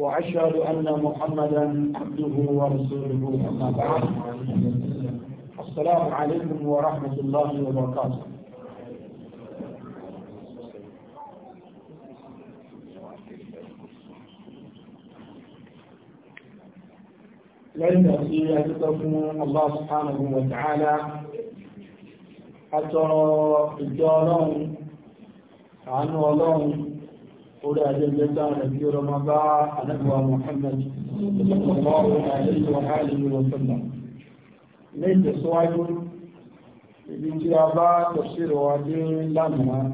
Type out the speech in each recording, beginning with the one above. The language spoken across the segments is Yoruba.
وأشهد أن محمدا عبده ورسوله أما بعد السلام عليكم ورحمة الله وبركاته لن تأتي أجدكم الله سبحانه وتعالى أترى الجارون عن ولون ولا جل تعالى في رمضان نبوى محمد صلى الله عليه وآله وسلم ليس سواد بجابة تفسير وادين لما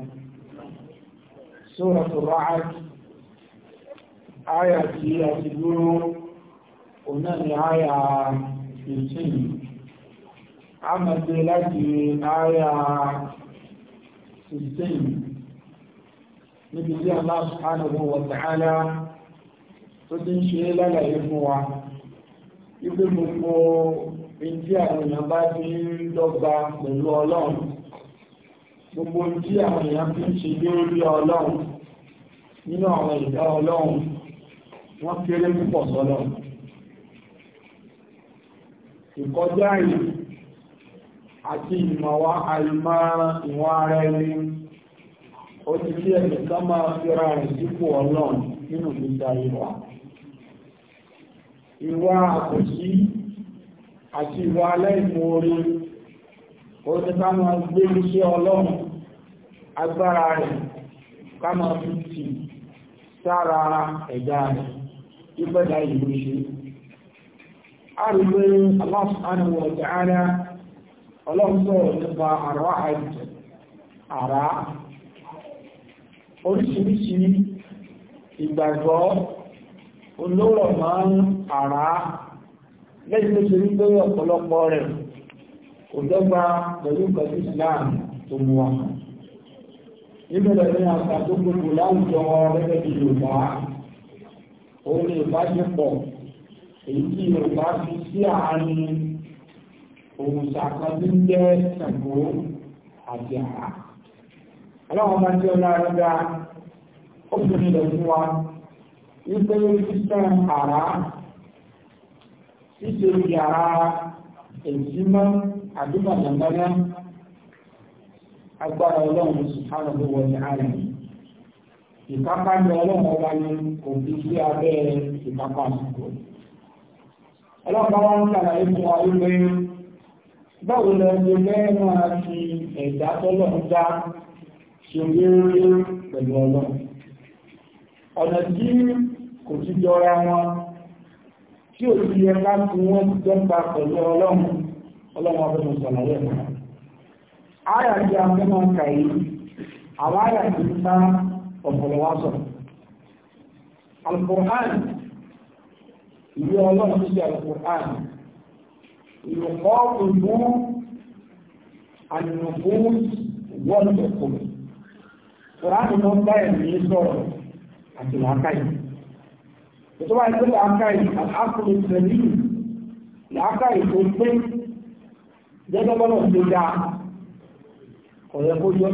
سورة الرعد آية هي تقول ونمي آية 15 عمل لك آية السن níbi tí Allah subhanahu wa ta'ala tó ti ń ṣe lálàyé fún wa ibi gbogbo ìdí àwọn èèyàn bá ti ń dọ́gba pẹ̀lú ọlọ́run gbogbo ìdí àwọn èèyàn fi ń ṣe lórí ọlọ́run nínú àwọn ìdá ọlọ́run wọ́n kéré púpọ̀ sọ́lọ́ ìkọjá yìí àti ìmọ̀wá àìmọ̀ ìwọ̀n ara ẹni ó ti kí ẹnìkan máa fira rẹ̀ dípò ọlọ́run nínú ìgbésà ìwà ìwà àkòsí àti ìwà aláìmoore ó máa gbé iṣẹ́ ọlọ́run agbára rẹ̀ ká máa fi tì sára ẹ̀dá rẹ̀ ìgbẹ́dà ìlú ṣe àrùgbé Allah subhanahu oríṣiríṣi ìgbàgbọ́ olóró máa ń àrá lẹ́yìn tó ṣe wípé ọ̀pọ̀lọpọ̀ rẹ̀ kò dọ́gba pẹ̀lú pẹ̀lú Islam tó mú wa níbẹ̀rẹ̀ ní àgbà tó gbogbo láwùjọ gẹ́gẹ́ bí Yorùbá òun ni ìbáṣepọ̀ èyí tí Yorùbá fi sí àárín òun ṣàkọsí jẹ́ àti àrá aláwọn máa jẹ́ ọlọ́rọ̀dá ó fi nílẹ̀ fún wa wípé sísan àrá ṣíṣe yàrá èjìmọ́ àdúgbà nàgbáyá agbára ọlọ́run subhanahu wa ta'ala ìkápá ní ọlọ́run ọba ni kò fi sí abẹ́ ìkápá àsìkò ọlọ́pàá wọn ṣàlàyé fún wa wípé báwo lọ ṣe fẹ́ máa fi ẹ̀dá tọ́lọ́run dá ṣe léèrè pẹ̀lú ọlọ́run ọ̀nà tí kò ti jọra wọn tí ò ti yẹ ká tí wọ́n ti dọ́gba pẹ̀lú ọlọ́run ọlọ́run ọdún ìṣàlàyé ẹ̀kọ́ àyà tí a fẹ́ máa ń kà yìí àwọn àyà tí ń bá ọ̀pọ̀lọ̀ kòránù tó ń bá ẹ̀mí sọ̀rọ̀ àti làákàyè tó wáyé pé làákàyè àkùnrin tẹ̀lé làákàyè tó pé gẹ́gẹ́ tó dá ọ̀rẹ́ kó yọ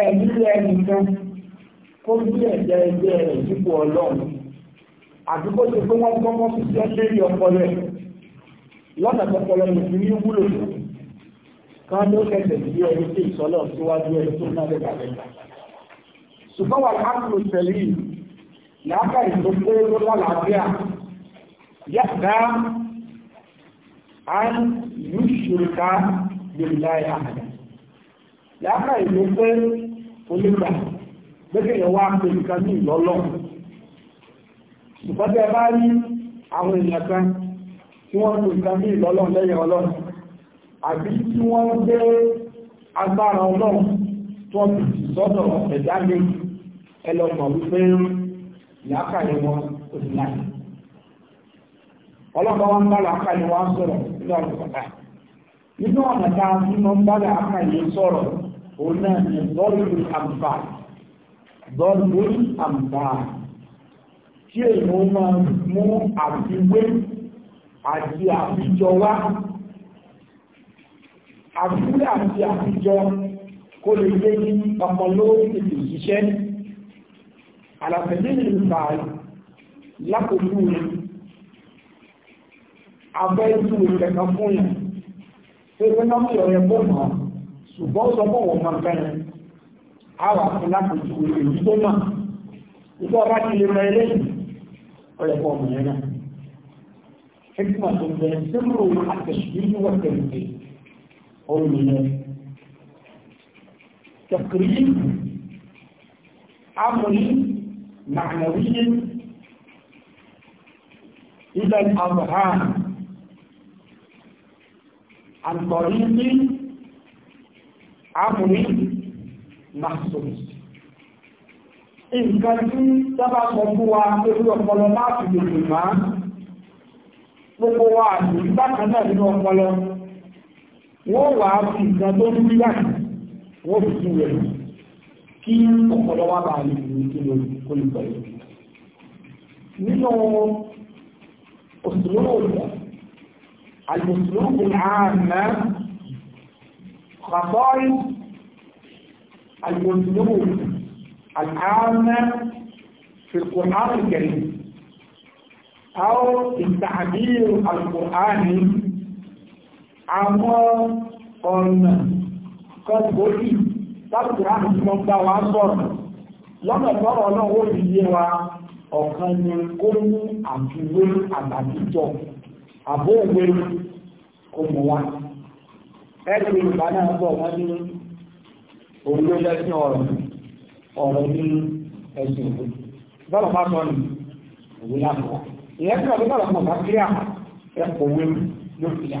ẹ̀mí rẹ̀ nìkan kó bí ẹ̀jẹ̀ ẹgbẹ́ rẹ̀ sípò ọlọ́run kan ló kẹsẹ̀ sí ẹni tí ìsọ́lọ̀ síwájú ẹni tó náà lẹ́gbà lẹ́gbà ṣùgbọ́n wà láàrùn ìṣẹ̀lẹ̀ yìí láàbà ìtò pé ó lálàáfíà yàtà án ìlú ṣùrùká gbèrìlá ìhàdà láàbà ìtò pé onígbà gbẹ́gbẹ́ yẹn wá pé nǹkan ní ìlọ́lọ́ ṣùgbọ́n tẹ́ bá rí àwọn èèyàn tí wọ́n ń àbí tí wọ́n gbé agbára ọlọ́run tó ti sọ́dọ̀ ẹ̀dá mi ẹlọ́mọ̀ wípé wọn kò sí láyé ọlọ́pàá wọn bá làákàyè wọn sọ̀rọ̀ nínú àlùkọ́tà nínú ọ̀nà tá a fi mọ́ bá làákàyè sọ̀rọ̀ òun náà ní dọ́ọ̀lù àǹfà dọ́ọ̀lù àǹfà tí èèyàn máa mú àfiwé àti àfúlé àti àfijọ kó lè lé ní ọmọ lórí ètò ìṣiṣẹ́ àlàfẹ́lẹ́ ìlú báyìí lákòókò rẹ̀ abẹ́ ìlú ìrẹ̀kan fún yẹn tó ẹgbẹ́ náà mú ọ̀rẹ́ bó mọ̀ ṣùgbọ́n sọ fún wọn máa fẹ́ yẹn á wà fún lákòókò rẹ̀ èyí tó mà ìgbà ọba ti lè rẹ lẹ́yìn ọ̀rẹ́ bọ̀ ọmọ yẹn náà ẹgbẹ́ mọ̀ tó bẹ̀rẹ̀ sẹ́mùrù àtẹ̀sùn yíyí wọ́n tẹ̀lé olùyẹn tẹ̀kìrí amòrí mànàwíyé ilẹ̀ àbùhàn àtọ̀rí ní amòrí màsùlùmí nǹkan tí sábà sọ fún wa lórí ọpọlọ láti lè lè máa gbogbo wa àti ìbákan nínú ọpọlọ wọ́n wà á fi nǹkan tó ní bíbá wọ́n fi sí rẹ̀ kí ọ̀pọ̀lọ́ bá lè fi kí ló kó lè pẹ̀lú. Nínú òṣèlú òṣèlú àlùmùsùlùmù kò ní àmà kàbọ́ọ̀lù àlùmùsùlùmù àmà أو التعبير القرآني àwọn ọ̀nà kọ́gbórí láti rán ìjọ bá wa sọ̀rọ̀ lọ́nà tọ́rọ náà ó rí yé wa ọ̀kan ni kó ní àfiwé àgbàdíjọ àbó òwe kò mọ̀ wá ẹgbẹ́ Yorùbá náà bọ̀ wọ́n ní òun ló lẹ́sìn ọ̀rọ̀ ọ̀rọ̀ ní ẹ̀sìn òwe bọ́lọ̀ bá sọ ní òwe lápò ìyẹn tí wọ́n bí bọ́lọ̀ mọ̀ bá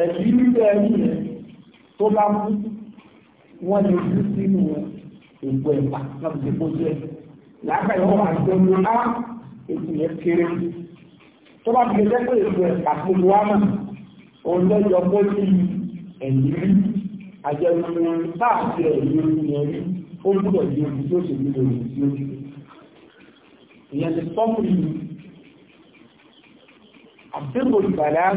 ẹ̀rí rírẹ̀ ẹ̀rí rẹ̀ tó bá mú wọ́n lè rú sínú ògbó ẹ̀pà láti ṣe kó jẹ́ láàpẹ̀lẹ̀ wọ́n máa jẹ́ ní á ètò yẹn kéré tó bá fi jẹ́ pé ètò ẹ̀pà tó lu á mà òun lọ yọ pé ní ẹ̀rí rí àjẹmọ́ táà ti ẹ̀rí rí yẹn rí ó gbúdọ̀ di omi tí ìyẹn ti pọ́pù yìí àbẹ́bò ìbàdàn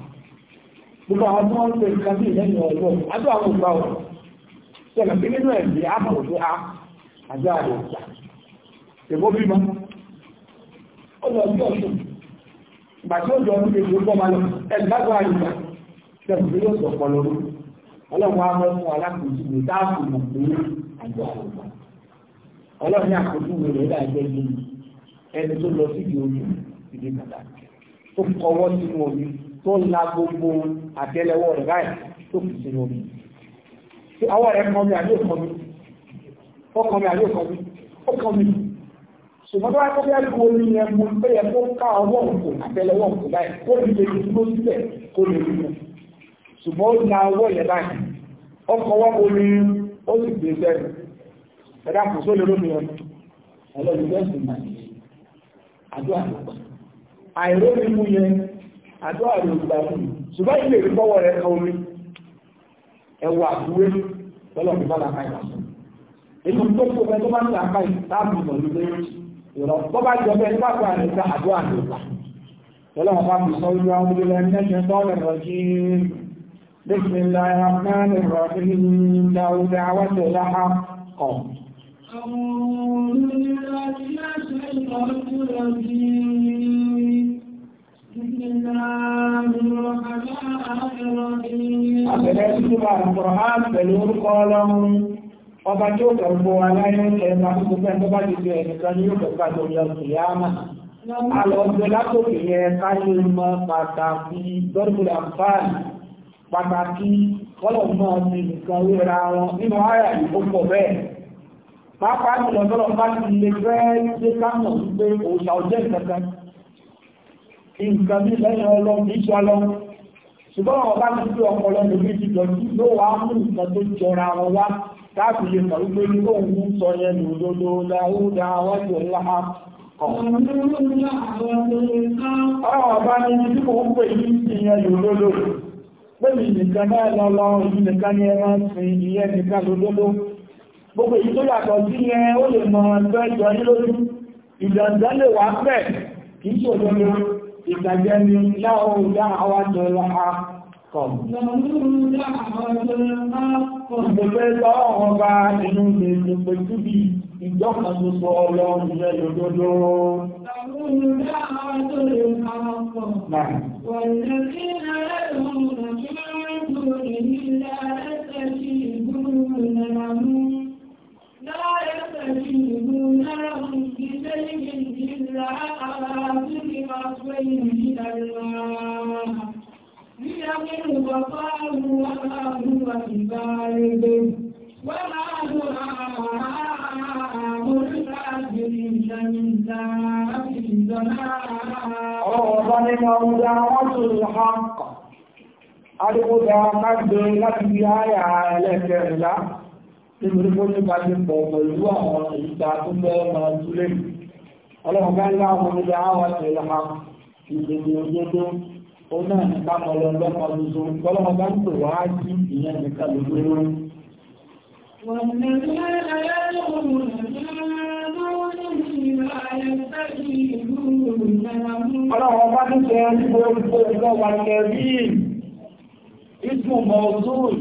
gbogbo àwọn tó ń pè nǹkan bí ọ̀rọ̀ adó àwọn ògbà ọ̀rọ̀ sọ̀rọ̀ pé nínú ẹ̀mí á a àjọ àrò ìjà èbó bímọ ó lọ sí ọ̀ṣun ìgbà tí ó jọ ọdún kejì ó bọ́ máa lọ àyíká sọ̀rọ̀ pé yóò sọ̀pọ̀ lórí ọlọ́run á mọ́ fún alákòóso lè dáàbò mọ̀ pé àjọ àrò ìjà ọlọ́run àkójú rẹ̀ láìpẹ́ yìí ẹni tó lọ sí ìdí omi ìdí kàdá tó kọwọ́ sínú omi tó la gbogbo àtẹ́lẹwọ́ rẹ̀ báyìí tó fi sí omi àwọn rẹ̀ kọ́ mi àbí òkọ́ mi ọkọ̀ mi àbí òkọ́ mi ọkọ̀ mi ṣùgbọ́n tó wá tó bí àgbo omi yẹn mo pé yẹ kó ká ọwọ́ òkò àtẹ́lẹwọ́ òkò báyìí kó lè lè dúró sílẹ̀ kó lè dúró ṣùgbọ́n ó la ọwọ́ yẹn báyìí ọkọ̀ wọ́n omi ó sì gbé sẹ́nu ẹ̀dá kò sólè lómi ọdún ẹlọ́dún bẹ́ẹ̀ sì máa àdúrà àìrómi mú yẹn àdúrà rẹ̀ ògbà fún ṣùgbọ́n ilé ìrúbọ́wọ́ rẹ̀ kan omi ẹwà àdúwé lọ́lọ́ mi bọ́lá káyà inú tó kó fẹ́ tó bá ń ta káyì táàbù mọ̀ ní pé ìrọ̀ tó bá jọ bẹ́ẹ̀ nípa àgbà rẹ̀ ta àdúrà rẹ̀ ògbà lọ́lọ́ wọn bá fi sọ ojú àwọn olùlẹ̀ ẹ̀ṣẹ̀ sọ́ọ̀rẹ̀ rọ̀ jí بسم الله الرحمن الرحيم له دعوة الحق أعوذ بالله من الشيطان الرجيم Àbẹ̀rẹ̀ títúbà Al-Qur'an pẹ̀lú orúkọ ọlọ́run, ọba tí ó kẹ̀gbọ́ aláyé ẹ̀mà tó fẹ́ tó bá ti fẹ́ ẹ̀nìkan ní yóò kẹ̀gbà tó yọ kìyàmà. Àlọ́gbẹ̀ látòkè yẹ káyé mọ́ pàtàkì dọ́rùkúlà fáàlì, pàtàkì kọ́lọ̀mọ́ ti nìkan wéra wọn nínú àyà nǹkan bí lẹ́yìn ọlọ́run ní ṣe ọlọ́run ṣùgbọ́n àwọn bá ti fi ọpọlọ lórí ti jọ sí ló wá mú nǹkan tó jọra wọn wá láti lè mọ̀ wípé ní òun ń sọ yẹn ní òdodo láwúdà wájú ńlá Àwọn ọba ní ibi tí mo ń pè ní ìyẹn lòlódò. Bẹ́ẹ̀ni nìkan náà lọ lọ ìlú nìkan ní ẹran sin ìyẹn nìkan lòlódò. Gbogbo èyí tó yàtọ̀ sí yẹn ó lè mọ̀ ẹgbẹ́ ìjọ nílójú. Ìjọ̀ǹdà lè wà pẹ̀ kìí ṣòdodo ìtàjẹ́ ni láwọn dáhàwàtọ̀ àkọ̀. Ìgbẹ̀fẹ́ lọ́wọ́ bá inú lè pẹ̀ síbi ìjọ́kan tó sọ ọlọ́run jẹ́ lòdòdó. Láàrín ẹ̀sẹ̀ ìgbòrò náà ń gbé lẹ́yìn العاقل عصيه إلى الماء ليقل بصره وما هو ببالغ وما دعاء الكافرين إلا في ضلال. Adébódà kágbé láti bí áyà ẹlẹ́kẹ̀ẹ́lá, tí mo rí bó ní bá ti pọ̀ pẹ̀lú àwọn ìta tó bẹ́ẹ̀ máa túlé yìí ọlọ́run bá ń lá àwọn ọmọdé àwọn ìlànà ìgbèdè òdodo òun náà ní ká mọ lọ́dọ́ kan tuntun tọ́lọ́run bá ń pè wá sí ìyẹn nìkan lójú lórí. wọ́n ní ọlọ́run bá ń pè ní gbogbo ọgbọ́n wa kẹrí ìtumọ̀ ọdún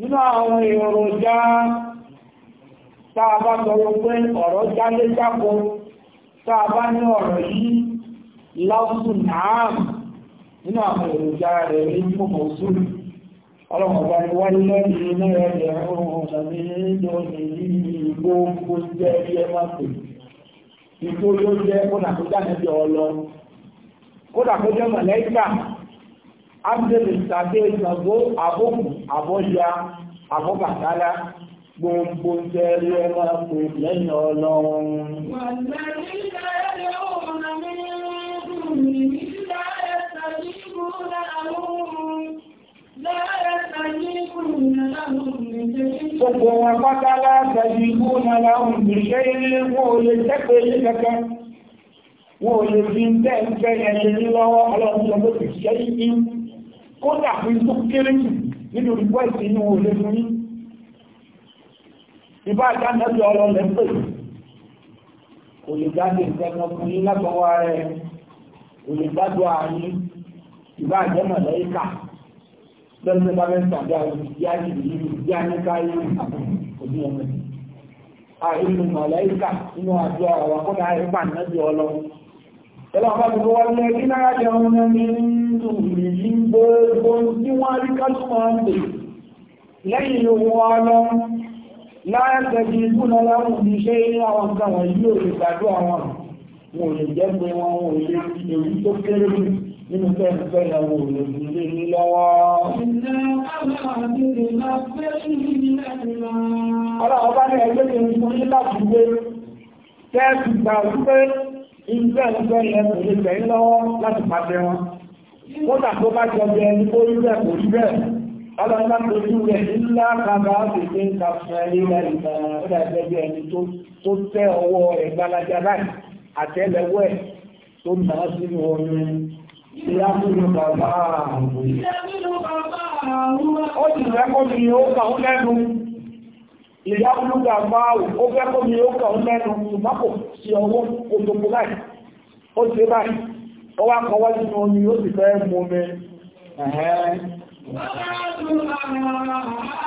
nínú àwọn èròjà tá a bá sọ pé jápọ̀ tá a bá ní ọ̀rọ̀ yìí láwùsùn náà nínú àwọn èròjà rẹ̀ ní mọ̀mọ̀ sùn ọlọ́run bá ní wáyé lẹ́yìn iná ìgbàgbó àbókù àbọ́yá àbọ́bàtálá gbogbo jẹ́rí ọmọ pè lẹ́yìn ọlọ́run. Gbogbo wọn pátá látàrí ikú na láhùn ìṣẹ́ ilé wọn ò lè tẹ́pẹ̀ ilé kankan. Wọn ò lè fi ń tẹ́ ń fẹ́ ẹ̀yẹ ní lọ́wọ́ ọlọ́run lọ́gbọ́n ìṣẹ́ yìí. Kódà fi tó kéré jù nínú ìgbọ́ ìsinú olè fún yìí ìbá ìdánilẹ́bí ọlọ́lẹ̀ pè kò lè jáde ìfẹ́mọ́ fún yín látọwọ́ rẹ̀ kò lè gbádùn ààyín ìbá ìjẹ́mọ̀ lẹ́yìnká lẹ́nu bá bẹ́ẹ̀ tàbí àwọn ìyáyí ìlú ìyáyí káyé òní ọmọ àìlú mọ̀lẹ́yìnká nínú àjọ àwọn akọ́dà ìpà nẹ́bí ọlọ́run Ẹlọ́pàá gbogbo láàrẹ́gbẹ̀bí ìgbóná láwọn oníṣẹ́ àwọn nǹkan wọn yóò lè gbàdó àwọn wọn jẹ́ pé ìgbẹ́ ìgbẹ́lẹ̀ kò lè tẹ̀yìn lọ́wọ́ láti pàtẹ wọn kódà tó bá jọ bí ẹni tó rí bẹ́ẹ̀ kò rí bẹ́ẹ̀ ọlọ́nà lójú rẹ̀ nílá kàbà àbèké ń ka fún ẹ nílá ìgbàlá ó dàgbẹ́ bí ẹni tó tẹ ọwọ́ rẹ̀ gbalaja báyìí àtẹ́lẹwọ́ ẹ̀ tó nà á sínú orin ìyámúlò bàbá àwọn ó sì fẹ́ kó mi ó kà ó lẹ́nu ìyámúlò bàbá ó fẹ́ kó mi ó kà ó lẹ́nu ṣùgbọ́n kò sí ọwọ́ kòtòkó báyìí ó ṣe báyìí ó wá kọwọ́ sínú omi ó sì fẹ́ mú mi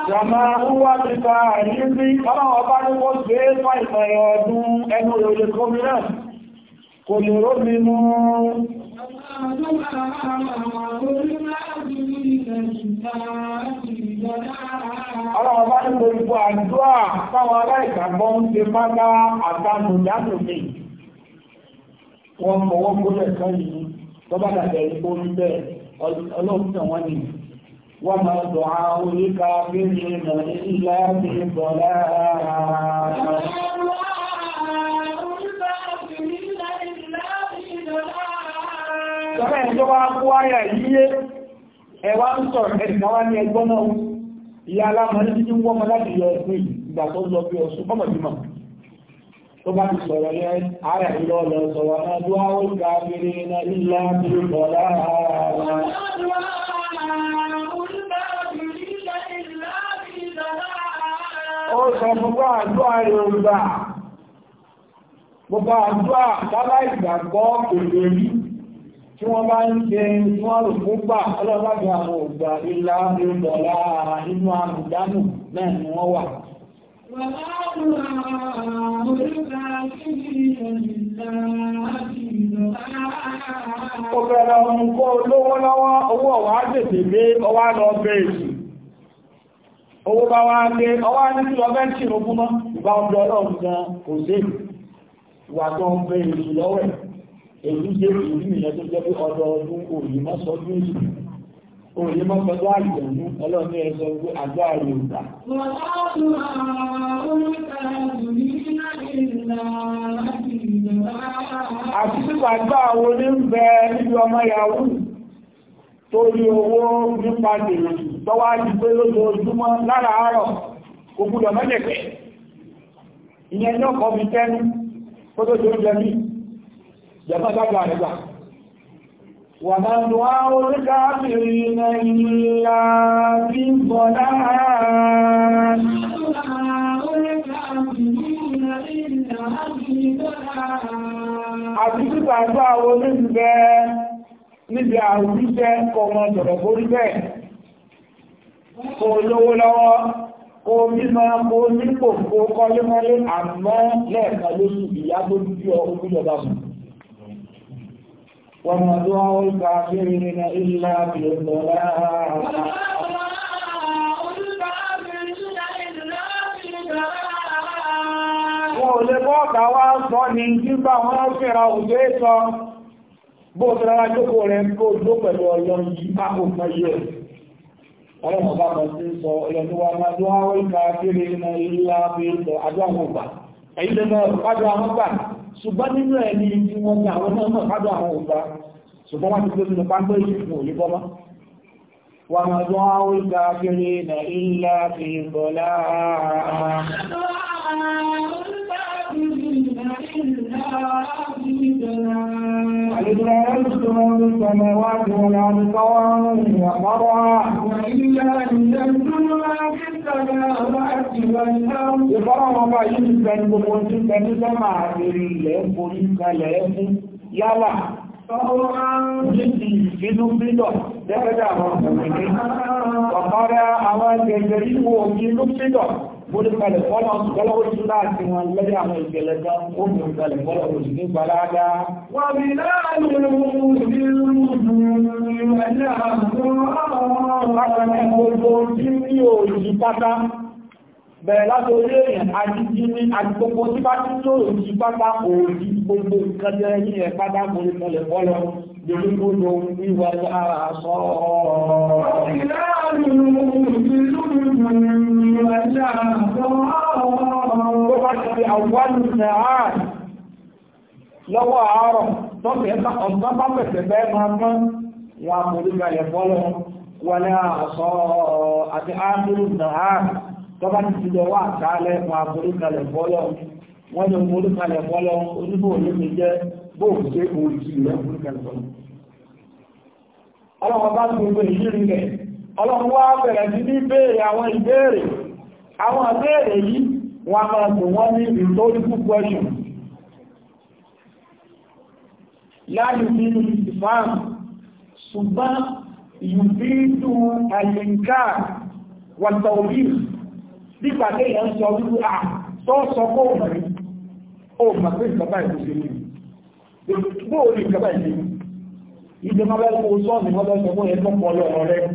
Jàmá wúwá ti ta àrí sí ọlọ́wọ́ bá ní kó gbé fà ìfẹ̀rẹ̀ ọdún ẹnu òye gómìnà kò lè rómi mú. Ọlọ́wọ́ bá ní gbogbo àdúrà táwọn aláìkàgbọ́ ń ṣe pátá àtàkùnjátòmí. Wọ́n mọ̀wọ́ gbọ́lẹ̀ kan yìí, tọ́bádàbẹ̀ ìgbórí bẹ́ẹ̀ ọlọ́pùtàn wọ́n nìí. وما دعاء الكافرين إلا في ضلال Ìjọba ìjọba kó ayà yíyé ẹwà ń sọ̀rọ̀ ẹ̀dìnà wá ní ẹgbọ́n náà ìyá alámọ̀ ní títí wọ́n mọ́ láti yọ ẹ̀sùn ìgbà tó lọ bí ọ̀sùn bọ́mọ̀ bímọ̀. Tó bá ti sọ̀rọ̀ yẹ ààrẹ ìlọ́ lọ sọ̀rọ̀ náà dúwá ó ká ó sọ gbogbo àdúrà yorùbá gbogbo àdúrà ìgbàgbọ́ tí wọ́n bá ń ṣe tí wọ́n fún gbà àwọn ògbà àmìdánù náà ni wọ́n wà olówó lọ́wọ́ owó ọ̀wà ọwá lọ bẹ̀rẹ̀ owó bá wá lé ọwá ní tí lọ bẹ́ẹ̀ tí ogún mọ́ ìbá ọdọ ọlọ́run gan kò sí ìwà tó ń bẹ èsù lọ́wọ́ ẹ̀ jẹ́ ìlú ìyẹn tó jẹ́ pé ọdọọdún òyìn mọ́ sọdún èsù òyìn mọ́ sọdún àjẹ̀mú ọlọ́run ẹ̀ sọ pé àjọ àrè ògbà. àti sípàgbà wo ní ń bẹ níbi ọmọ yahoo torí owó nípa dènà tọ́wá ti pé lójoojúmọ́ lára àárọ̀ kò gbúdọ̀ mẹ́lẹ̀kẹ́ ìyẹn ní ọkọ̀ mi tẹ́nu kó tó tó jẹ mí jẹmọ́ dágbà rẹ̀gbà wà máa lọ àwọn oríkàáfìrí nàìjíríà bí àti níbi àrùjúṣẹ́ ọmọ ọ̀dọ̀rọ̀ borí bẹ́ẹ̀ kò lówó lọ́wọ́ kò mímọ́ kò nípò kò kọlémọ́lé àmọ́ lẹ́ẹ̀kan lóṣù ìyá tó dúdú ọkùn jọba mù wọ́n mọ̀ tó wọ́n ò lè bọ́ ọ̀gá wá sọ ní gbígbà wọ́n fẹ́ra òjò ìsọ bó ṣe rárá jókòó rẹ̀ kó jó pẹ̀lú ọlọ́run yìí bá kò mọ iye ọlọ́run ọba kan sí sọ ọlọ́run wa máa dún àwọn ìka kéré iná ilá fi sọ adó àwọn ọgbà èyí lè mọ ìpájọ àwọn gbà ṣùgbọ́n nínú ẹ̀ ní tí wọ́n ní àwọn náà mọ̀ àwọn ọgbà ṣùgbọ́n wọ́n ti gbé sínú pápẹ́ ìṣòfò yìí bọ́mọ́ wa máa dún àwọn ìka kéré iná ilá fi sọ láàá أدرأتم السماوات والأرض طوعا وقرعا وإلا أنزلتم ما في السماوات والأرض يقرأ ما يمكن بقوة السماء àbẹ̀rẹ̀ ilẹ̀ borí kalẹ̀ ẹkún yálà Ìjìnú bílọ̀ lẹ́gbẹ̀dẹ̀ àwọn ọ̀pọ̀lẹ́gbẹ̀. Ọ̀pọ̀lẹ́ àwọn ẹgbẹ̀rẹ̀ ìwò òjìnú bílọ̀ oníkalẹ̀ fọ́lá ọ̀sùgbọ́lọ́ oṣù láti wọn lẹ́yìn àwọn ìgbẹ̀lẹ̀ kan ó ní oníkalẹ̀ fọ́lá oṣù ní gbalága. wọ́n bí láàrín bẹ̀rẹ̀ láti orí èèyàn àjíjí ní àgbogbo tí bá tí tó òjì pátá òjì gbogbo nǹkan jẹ́ ní ẹ̀ pátá gbogbo ìpọlẹ̀ fọ́lọ́ lórí gbogbo wíwà àṣọ́ ọ̀rọ̀ Tó bá ti àwọn ìrìnàá lọ́wọ́ àárọ̀ tó fẹ́ ọ̀gbọ́n bá pẹ̀sẹ̀ bẹ́ẹ̀ máa mọ́ wọn àmúrígbà yẹ fọ́lọ́ wọ́n ní àṣọ àti àmúrígbà tó bá ti ti lọ wà káálẹ̀ wọn àmúrígbà yẹ fọ́lọ́ wọ́n ní àmúrígbà yẹ fọ́lọ́ oníbò olómi jẹ́ bóòkù sí òjì rẹ̀ àmúrígbà yẹ fọ́lọ́. Ọlọ́wọ́ bá ti gbogbo ìyí rí rẹ̀ ọlọ́run wá bẹ̀rẹ̀ sí ní béèrè àwọn ìbéèrè àwọn ìbéèrè yìí wọ́n a máa tò wọ́n ní rhetorical question láyé nínú ìfàm ṣùgbọ́n ìbídù àyíká wàtà òbí nípa tí èèyàn sọ wípé à tó sọ kó mẹ́rin ó mà pé ìjọba ìgbòsílẹ̀ bóòlù ìjọba ìgbòsílẹ̀ ìjọba ìgbòsílẹ̀ ìjọba ìgbòsílẹ̀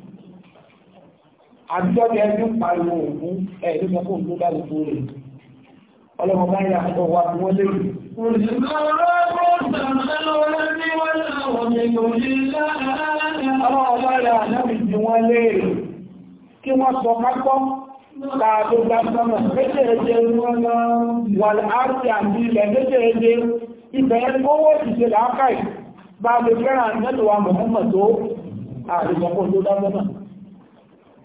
àjọ́jẹ́ ẹni pariwo òun ẹ̀ẹ́dẹ́ sọ fún òun lálùkù rẹ̀ ọlọ́mọ bá yà ọ̀pọ̀ wà fún wọ́n lérò ọlọ́mọ bá yà náàbì jí wọ́n lérò kí wọ́n sọ kápọ́ Tààdó gbàgbàmà méjèèjé wọn wà láàrín àti ilẹ̀ méjèèjé ìbẹ̀rẹ̀ owó ìṣẹ́ làákàì bá lè fẹ́ràn mẹ́lùwà mọ̀mọ́ tó àrìsọ̀kọ́ tó dágbọ́nà.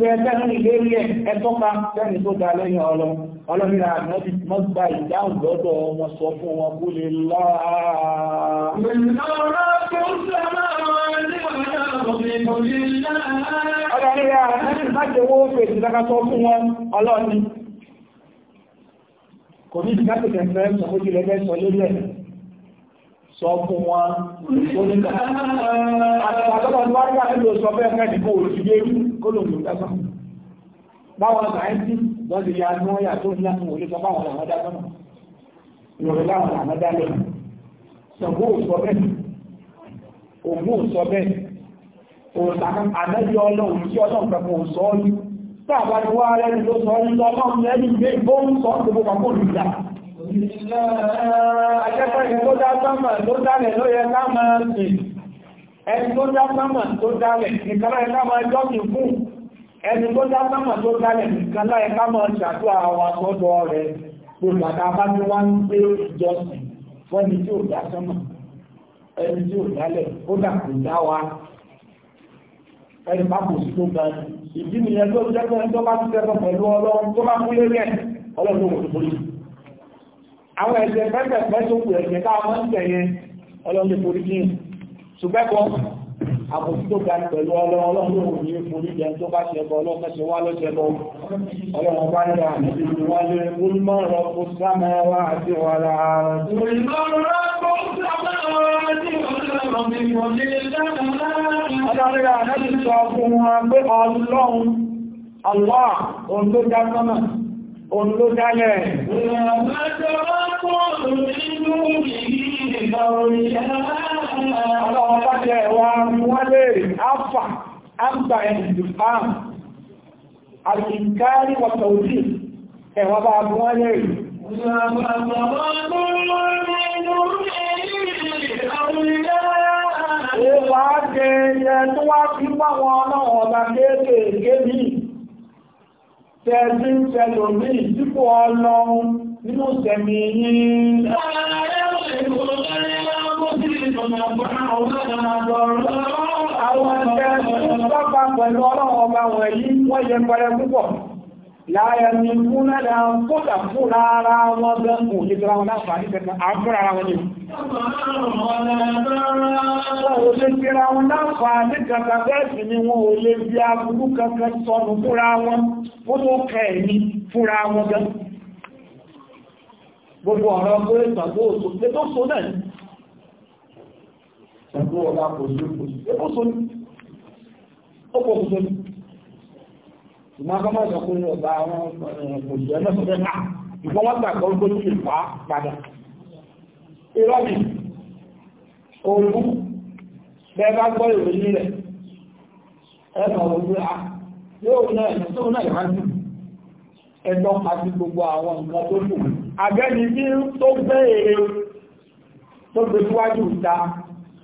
bẹ lẹ́rìn ìlérí ẹ̀ ẹ̀tọ́ka lẹ́ni tó dá lẹ́yìn ọlọ ọlọ́mìnira àti mọ́gbà ìdáhùn lọ́dọ̀ wọn sọ fún wọn kó lè láàá Kò ní ìdákùtẹ̀ fẹ́ sọ ó jílẹ̀ bẹ́ sọ lórí ẹ̀ sọ fún wọn oníkà. Àtàkọ́lọ̀ ní wárígbà nílò sọ fẹ́ fẹ́ nìkan òṣìlérú olóògùn dágbà báwọn àgbàáńtì lọ́dí ya ní wọ́n yà tó ní àwọn olùsọ báwọn àwọn dágbà ìrọ̀lẹ́ láwọn àwọn dálẹ̀ Ṣàngó sọ bẹ́ẹ̀ Ògún sọ bẹ́ẹ̀ òsàn ọlọ́run tí ọlọ́run pẹ̀kọ̀ sọ ọ́ ní tàbá ni wá rẹ̀ ló sọ ní ọlọ́run lẹ́nu gbé ẹni tó dá sámà tó dálẹ̀ nìkan láyé ká máa jọ́sìn fún ẹni tó dá sámà tó dálẹ̀ nìkan láyé ká máa ṣàtú àwọn àtọ́dọ̀ rẹ̀ gbogbo àtàbá tí wọ́n ń gbé ìjọsìn fún ẹni tí ò dá sámà ẹni tí ò dálẹ̀ ó dà kò dá wa ẹni bá kò sí tó ga ìdí nìyẹn tó jẹ́ pé ẹni tó bá ti tẹ́tọ̀ pẹ̀lú ọlọ́run tó bá kúlé rẹ̀ àwọn ẹ̀ṣẹ̀ pẹ́pẹ̀pẹ́ tó kù ẹ̀ṣẹ̀ káwọn ń tẹ̀yẹ ọlọ́run tó borí kíyàn ṣùgbẹ́kọ́ àbòsító ga pẹ̀lú ọlọ́run ọlọ́run ní fún oníjẹ tó bá ṣe bọ́ ọlọ́run ṣe wá lọ́ṣẹ́ bọ́ ọlọ́run bá yà àti ìwálé olùmọ̀rọ̀ kó sámẹ́wà àti wàrà ààrùn Òun ló dálẹ̀. Ìrìnàmọ́jọ́ wọ́n kọ́ òun nínú ìlú Àwọn pàtẹ wa wọ́n lè áfà, áfà ẹ̀dùfàm, àtìkárí wàtàwòdì, ẹ̀wọ́n bá bú wọ́n lè rí. Ìwà jẹyẹ tó wá fi pàwọn ọlọ́wọ̀n ọba kéèkèé ní tẹ́ẹ̀sí tẹ́lòmí ìdíkò ọlọ́run nínú tẹ̀mì yìí. Láyé ni fún náà kódà fún rárá wọn bẹ́ kò ní gbára wọn láfàárí pẹ̀lú àbúrà ara wọn ni. Wọ́n ò lè gbára wọn láfàárí kàkà bẹ́ẹ̀sì ni wọ́n ò lè bí agbúrú kankan sọnù fúnra wọn, wọ́n tó kẹ́ ẹ̀mí wọn bẹ́ ṣàgbó ọlá kò sí òṣì ẹkọ́ sóní ó pọ̀ sí sóní ìmọ̀ akọ́mọ̀ ìṣàkó ní ọ̀gá àwọn eh, òṣì ẹlẹ́sọ̀rẹ́ náà ìfọwọ́ gbàgbọ́ gbó ní ìfà padà ìrọ́bì òru bẹ́ẹ̀ bá gbọ́ ìròyìn rẹ̀ ẹ̀rọ òru a ah, yóò náà ìṣòro náà ìrántí ẹ̀dọ́ àti gbogbo àwọn nǹkan tó kù àgẹ́ni tí tó bẹ́ẹ̀ tó gbé síwájú ìta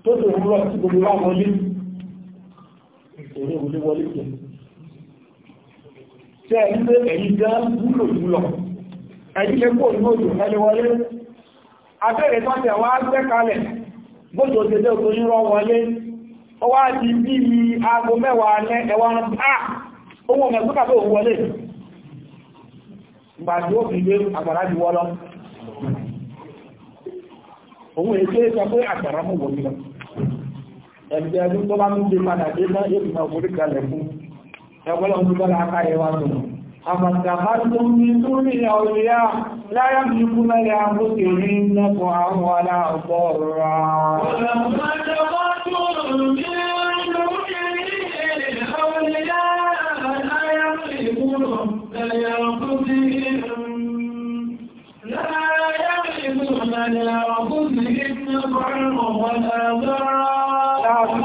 tó tó wúrọ̀ tí gbogbo wá wọlé ìṣòro wọlé wọlé jẹ tí ẹ̀ ń lé dá wúlò jùlọ ẹ̀yìn lé kó ní òjò ẹlẹ́ wọlé abẹ́rẹ́ tọ́tẹ̀ wá gbẹ́ kalẹ̀ bójò tẹ́lẹ̀ wọlé ó wá di bí i aago mẹ́wàá alẹ́ ẹwà owó ah! wọlé ẹ̀bẹ̀ ẹ̀dún tó bá ń gbé padà dé bá yóò máa fún ẹgbọ́lọ́ ń gbọ́lá aká ẹwà tó ń ní tó ní ọ̀rẹ́yà láyá ولا ضرا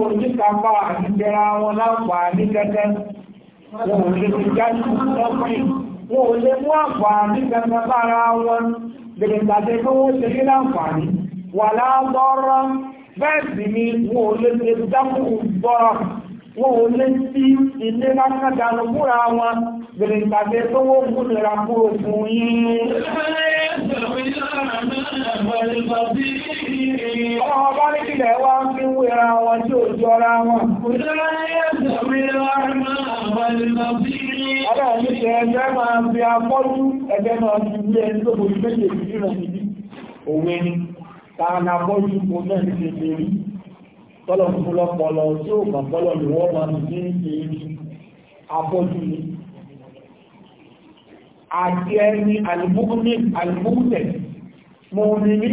wọn níkàpá wọn láǹfààní kẹta wọn ò lè fi jáde lọ́pìn wọn ò lè mú àǹfààní kẹta lára wọn gẹ̀gẹ̀ tàbí pé wọ́n ṣe ní láǹfààní wà láàbọ̀rọ̀ bẹ́ẹ̀ sì ni wọn ò lè fi jáde lọ́pìn wọn ò lé sí ilé lákàdánù múra wọn gbèrèǹgbàgbé tó wó múlera kúrò fún yín ọmọ bá ní kílẹ̀ wá ń fi wéra wọn tí ò jọra wọn ọ̀rọ̀ ní ṣe ẹgbẹ́ máa fi afọ́jú ẹgbẹ́ máa fi ilé ẹni tó bòrí méjèèjì rẹ̀ níbi òwe ni tọ́lọ̀ ń fún lọ́pọ̀lọ́ tí ó kàn pọ́lọ̀ lè wọ́n máa ní ní àpọ́jú ni àti ẹni alìmúkúnlẹ̀ alìmúkúnlẹ̀ mo ní ní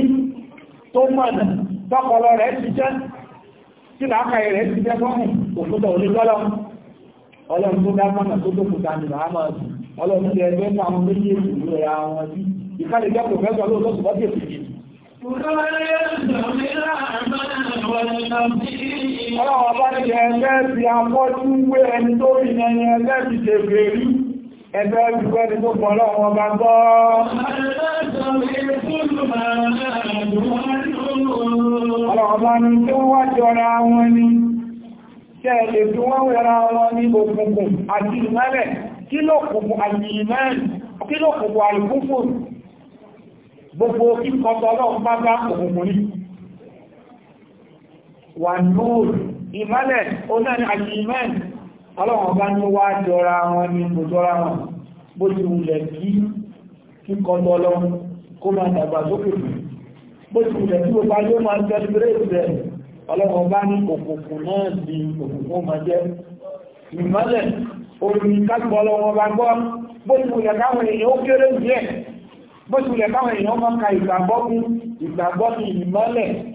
tó mọ̀nà tọ́pọ̀lọ́ rẹ̀ ti jẹ́ tí làákàyè rẹ̀ ti jẹ́ fọ́nù òkúta òní tọ́lọ̀ ọlọ́run tó dá mọ́nà tó dókúta ní Ọlọ́wọ́ bá ní ẹgbẹ́ ti afọ́jú wé ẹni tó rí ẹni ẹgbẹ́ ti tèbè rí ẹgbẹ́ ìgbẹ́ ni tó pọ̀ lọ́wọ́ bá gbọ́. Ọlọ́wọ́ bá ní tó wá jọra wọn ni, ṣẹ́ lè fi wọ́n wẹ́ra wọn ní òkùnkùn wà núùrù ìmọ́lẹ̀ onáni àti ìmẹ́n ọlọ́run ọba ní wá jọra wọn ní kò jọra wọn bó ti wùlẹ̀ kí kíkọ tọ́lọ kó máa dàgbà sókè bó ti wùlẹ̀ kí gbogbo ayé máa celebrate rẹ̀ ọlọ́run ọba ní òkùnkùn náà di òkùnkùn máa jẹ́ ìmọ́lẹ̀ orin kágbọ́ ọlọ́run ọba gbọ́ bó ti wùlẹ̀ káwọn èèyàn ó kéré díẹ̀ bó ti wùlẹ̀ káwọn èèyàn máa ka ìgbàgbọ́ ìgbàgbọ́ fún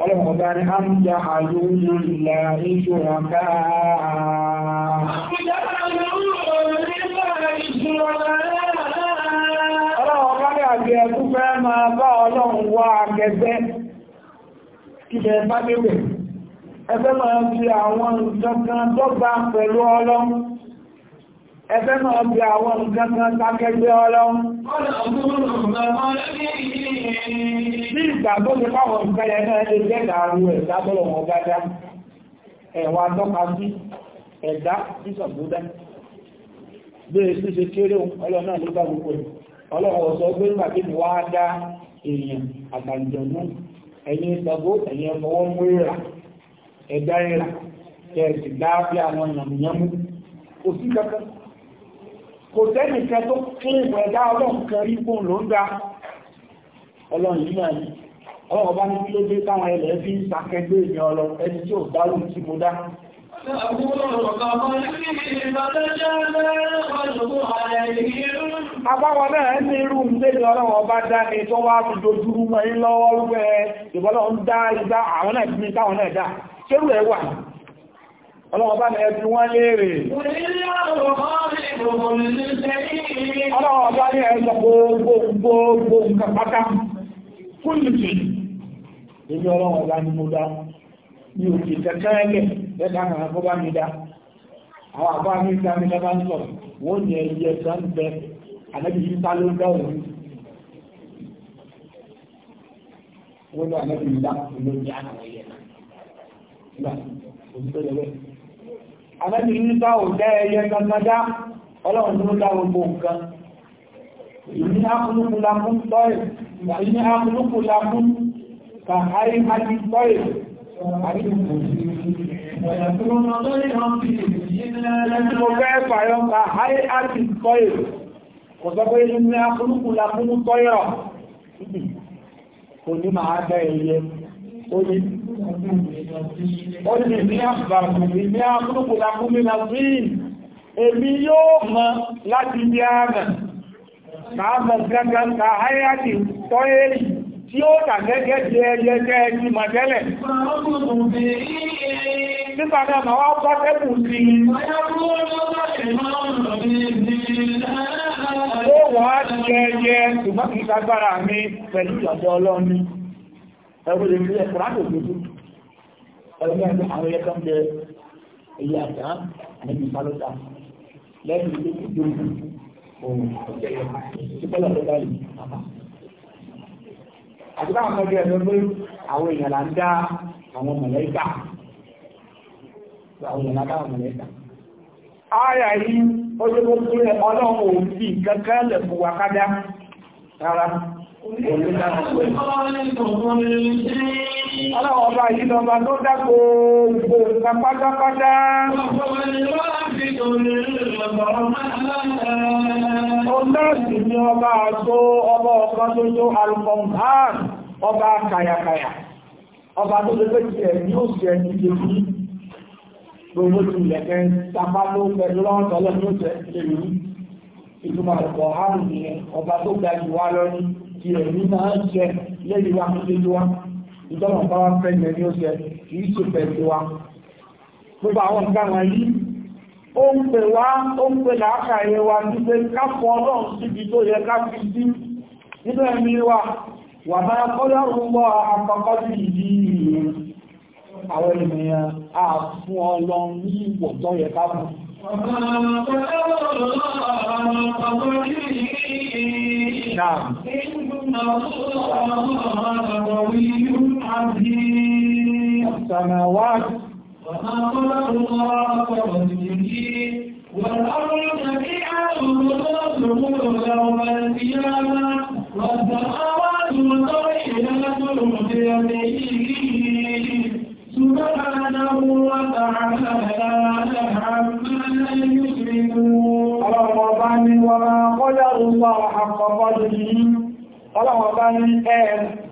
ọlọ́pọ̀ bá ní àmìyà àlúrú ìlà ìṣòra káà ọlọ́pọ̀ bá ní àgbẹ̀ ẹ̀kú fẹ́ máa bá ọlọ́run wá akẹgbẹ́ ìbẹ̀ bá gẹ́gẹ́ ẹgbẹ́ máa fi àwọn ìjọkan dọ́gba pẹ̀lú ọlọ́run ẹgbẹ́ máa bí àwọn nǹkan kan tákẹgbẹ́ ọlọ́run ní ìgbà tó ti pàwọn nǹkan yẹn náà lè jẹ́dà àrùn ẹ̀dá bọ́lọ̀ wọn dáadáa ẹ̀wà tọ́ka sí ẹ̀dá sísọ̀gbódá bẹ́ẹ̀ sí ṣe kéré ọlọ́run náà ló bá gbogbo ẹ̀ ọlọ́run ọ̀sọ́ gbé nígbà tí mi wá dá èèyàn àtàlùjọ̀nú ẹ̀yìn ìsọ̀gbó ẹ̀yìn ọmọwọ́ mú ìrà ẹ̀dá ìrà kẹ̀ẹ̀sì dá bí àwọn ìyàmú kò sí kankan kò tẹ́nìkan tó fún ìwọ̀ ẹ̀dá ọlọ́run kan rí fún ló ń dá ọlọ́run yìí náà ni ọlọ́run bá ní kí ló dé táwọn ẹlẹ́ fi ń sàkẹgbé ìyẹn ọlọ ẹni tí ò dárú tí mo dá Àbáwọn náà ní irú ìdéjì ọlọ́wọ́ bá dá ní tó wá fi dojúrú mọ́ ilọ́wọ́ rúgbẹ́ ìbọ́lọ́ ń dá ìdá àwọn náà bí táwọn náà dá. Ṣérú ẹ̀ wà ọlọ́wọ́ bá ní ẹbí wọ́n léèrè ọlọ́wọ́ bá ní ẹjọ́ gbogbogbò nǹkan fún ìlúkì èyí ọlọ́wọ́ bá ní mo dá ní òkè kẹ́kẹ́ ẹlẹ̀ lẹ́ta àwọn akọ́ bá mi àwọn àbá mi dá mi àmẹ́bí nígbà ò dẹ́ ẹyẹ gbangadá ọlọ́run tó dá gbogbo nǹkan ìní ápùlùkùlámún tọ́ì ìní ápùlùkùlámún ka àrí hajji tọ́ì àrí mo fẹ́ fàyọ ka àrí hajji tọ́ì kò sọ pé ìní ápùlùkùlámún tọ́ì rọ̀ kò ní máa dẹ́ ẹyẹ ó ní ó ní ní àbàmù ní àkúrùkù lákúmí lazim èmi yóò mọ̀ láti bí àmà máa mọ̀ gẹ́gẹ́ ta hayati tọ́yẹ̀rì tí ó tà gẹ́gẹ́ di ẹyẹ gẹ́ẹ̀kì mọ̀tẹ́lẹ̀ nígbà náà ma wá pọ́ tẹ́kù sí ó wọ́n á ti ẹyẹ ṣùgbọ́n kìí sagbára mi pẹ̀lú ìjọ̀dọ̀ ọlọ́ni ẹgbẹ̀rẹ̀ ìpínlẹ̀ ọdún ẹgbẹ́ àwọn ẹyẹ kan bẹ ẹyẹ àdá àdébí ìbálòdà lẹ́yìn ilé ìjọ òun ọ̀jẹ̀ yẹn tí bọ́lá ló dá yìí bàbá. àti báwọn kan bẹ ẹgbẹ́ pé àwọn èèyàn là ń dá àwọn mọ̀lẹ́kà àwọn èèyàn là dá àwọn mọ̀lẹ́kà. Aya yìí ó ṣe kó pé ọlọ́run ò fi kankan lẹ̀ fún wa kájá rárá. Òní dáná pé. Ọlọ́run Ọlọ́wọ́ ọba yìí lọba tó dá gbogbo nǹkan pátápátá. Ọlọ́sì ni ọba àtó ọba ọ̀kan tó tó alùpọ̀mùhàn ọba kàyàkàyà. Ọba tó tó pẹ̀lú ẹ̀ ní òṣì ẹni jẹ fún gbogbo ti ilẹ̀kẹ́ tapá ló pẹ̀lú lọ́wọ́tọ́lọ́ ní òṣì ẹni ìtumọ̀ alùpọ̀mùhàn ni ọba tó gbajúwá lọ ní ti ẹ̀mí máa ìtọ́nà bá fẹ́ yẹn ní oṣù kì í pẹ̀lú wa gbogbo àwọn nǹkan wọn yìí ó ń pè wá ó ń pè láàkà ẹ̀yẹ wa ní káfọ́ ọlọ́run síbi tó yẹ ká sí nínú ẹ̀mí wa wà máa kọ́lọ́run lọ àpapọ̀ sí ìdí àwọn ènìyàn àfún ọlọ́run ní ìwò tó yẹ ká fún Náà. وحمده السماوات وما خلق الله ومسلمين والأرض جميعا ومضربه يوم القيامة والسماوات مطيرات بيمينه سبحانه وتعالى عما يشركون الله وما قدر الله حق قدره الله بني آدم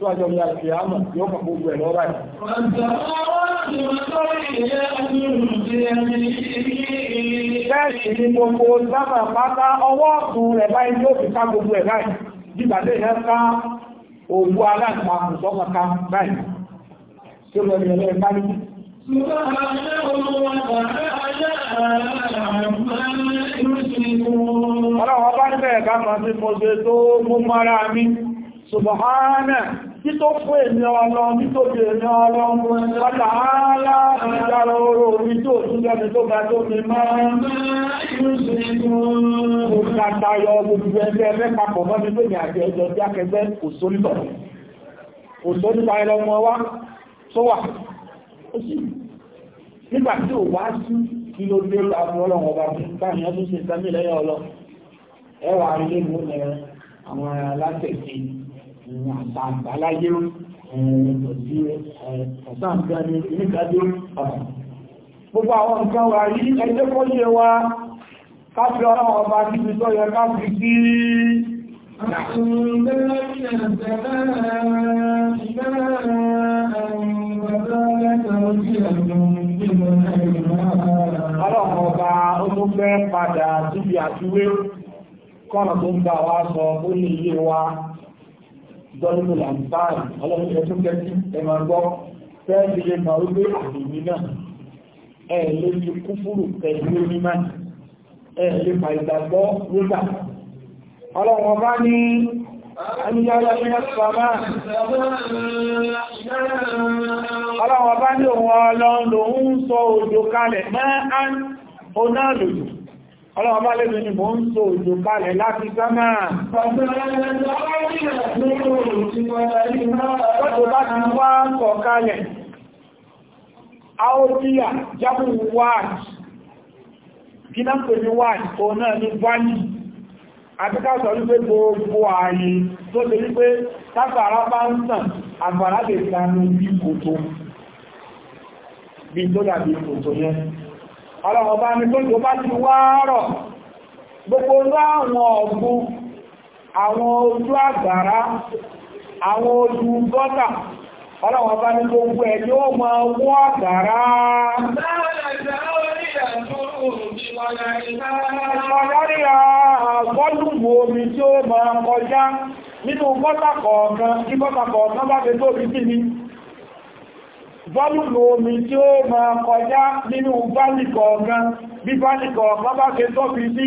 tó àjọ ní àti àmà yóò kà gbogbo ẹ̀ lọ́rà ẹ̀. Bẹ́ẹ̀sì ni gbogbo sábà pátá ọwọ́ ọ̀tún rẹ̀ báyìí yóò fi ká gbogbo ẹ̀ báyìí. Dìgbà lè rẹ̀ ká òwú aláàtà ìsọ́kàká báyìí. Tí ó lọ ní ẹlẹ́ ìpárí. Ọlọ́wọ́ bá ń bẹ̀ẹ̀ bá kan sí mo ṣe tó mú mọ́ra mi. Subhana tí tó fún èmi ọlọ́ nítorí èmi ọlọ́ Wàtà ààlá ìjára oró orí tó tún lẹ́mi tó ga tó mi máa ń Òkàtàyọ gbogbo ẹgbẹ́ ẹgbẹ́ papọ̀ mọ́ mi lónìí àti ẹjọ́ tí akẹgbẹ́ òsónítọ̀. Òsónítọ̀ ẹlọ́mọ wá tó wà. Nígbà tí ò wá sí kí ló dé láàrín ọlọ́run ọba fún káàkiri ọdún ṣe ìtàmì lẹ́yìn ọlọ́. Ẹwà ilé ìwọ̀n àwọn alátẹ̀sí ìyìn àgbàláyé ẹ̀ẹ́dọ̀tí oníkàdé ọ̀nà gbogbo àwọn nǹkan wà yí ẹjẹ́ kó yé wa káfí ọ̀rọ̀ ọba níbi tó yẹ káfí sí Ọlọ́run ọba ó tún fẹ́ padà dọ́nínú làǹfààní ọlọ́run ẹ̀tún kẹ́kí ẹ̀mà gbọ́ tẹ́ẹ̀bì lè mọ̀ wípé àmì náà ẹ̀ lè fi kúfúrù pẹ̀lú onímọ̀ ẹ̀ lè pa ìgbàgbọ́ rúgbà ọlọ́run ọba ní Àníyàrá iná sàmá. Ọlọ́run ọba ní òun ọlọ́run lòun sọ òjò kalẹ̀ mẹ́ án onáàlòjò. Ọlọ́run bá lẹ́nu ni mo ń so òjò kalẹ̀ láti sánmà. Ọjọ́ bá ti wá kọ̀ kalẹ̀. Aotia, Jabu Wad, wípé gbogbo ààyè tó lè wípé tátàrá bá ń tàn, àgbàrá lè tanú bí kòtò. Bí tó dàbí kòtò yẹn ọlọ́wọ́ bá ní tó bá ti wárọ̀ gbogbo láwọn ọ̀gbun àwọn ojú àgbàrá àwọn ojú gọ́tà ọlọ́wọ́ bá gbogbo ẹ̀ ni owó àgbàrá Ọ̀rọ̀ríà àgbọ́lùmù omi tí bọ́lùlù omi tí ó máa kọjá nínú bálìkọ̀ ọ̀gán bí bálìkọ̀ ọ̀gán bá ṣe tóbi sí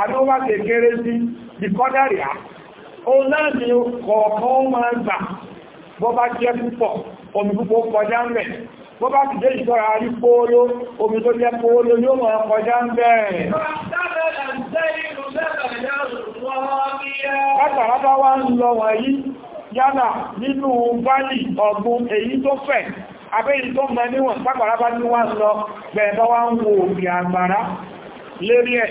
àdúgbà kékeré sí ìkọ́dàríà ó láti kọ̀ọ̀kan máa gbà bọ́ bá jẹ́ púpọ̀ omi púpọ̀ kọjá ń bẹ̀ bọ́ bá ti jẹ́ ìṣọ́ra rí póóló omi tó jẹ́ póóló yóò máa kọjá ń bẹ̀ Látàrábá wá ń lọ wọ̀nyí yálà nínú bálì ọ̀gbun èyí tó fẹ̀ abẹ́yìn tó mọ níwọ̀n pápára bá ní wá sọ bẹ̀ẹ̀bá wá ń wo òmì àgbàrá lérí ẹ̀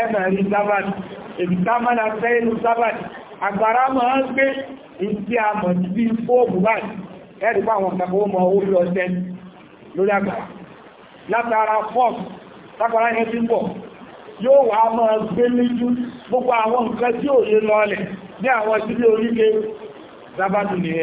ẹ̀mẹ̀ rí sábàtì èbí sábàtì àtẹ́lú sábàtì àgbàrá máa ń gbé ìsí àmọ̀ sí fóòmù báyìí ẹ̀rí pa àwọn kàkọ́ mọ orí ọ̀tẹ́ lórí àgbàrá látara fọ́ọ̀mù pápára yẹn ti ń bọ̀ yóò wá máa gbé lójú gbogbo àwọn nǹkan tí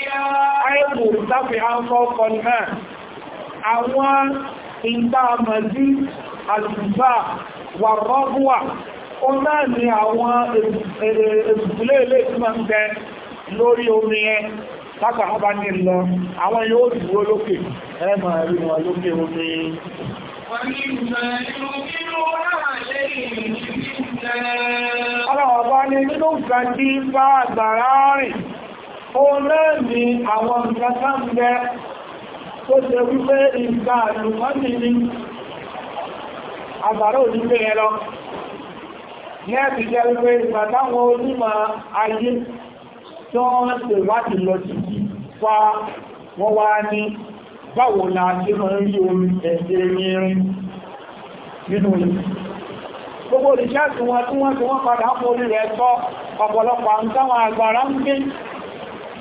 àìbù láti àkọ́kọ́ náà àwọn ìdámọ̀dí àlùbá wà rọ́gbùwà ó náà ni àwọn èbùlé ilé tí ma ń bẹ lórí omi ẹ látàbá ní lọ àwọn yóò dúró lókè ẹ máa rí wọn omi òun náà ni àwọn nǹkan sáàmùgbẹ́ tó ṣe wípé ìgbà àlùmọ́nì ni àbàrá òjúgbé yẹn lọ ní ẹ̀bí jẹ́ wípé ìgbà táwọn onímọ̀ ayé tí wọ́n ṣe fa wọ́n wá ní báwo la ṣe mọ́ rí omi ẹ̀jẹ̀ rin nínú ìlú gbogbo òṣìṣẹ́ tí wọ́n tí wọ́n padà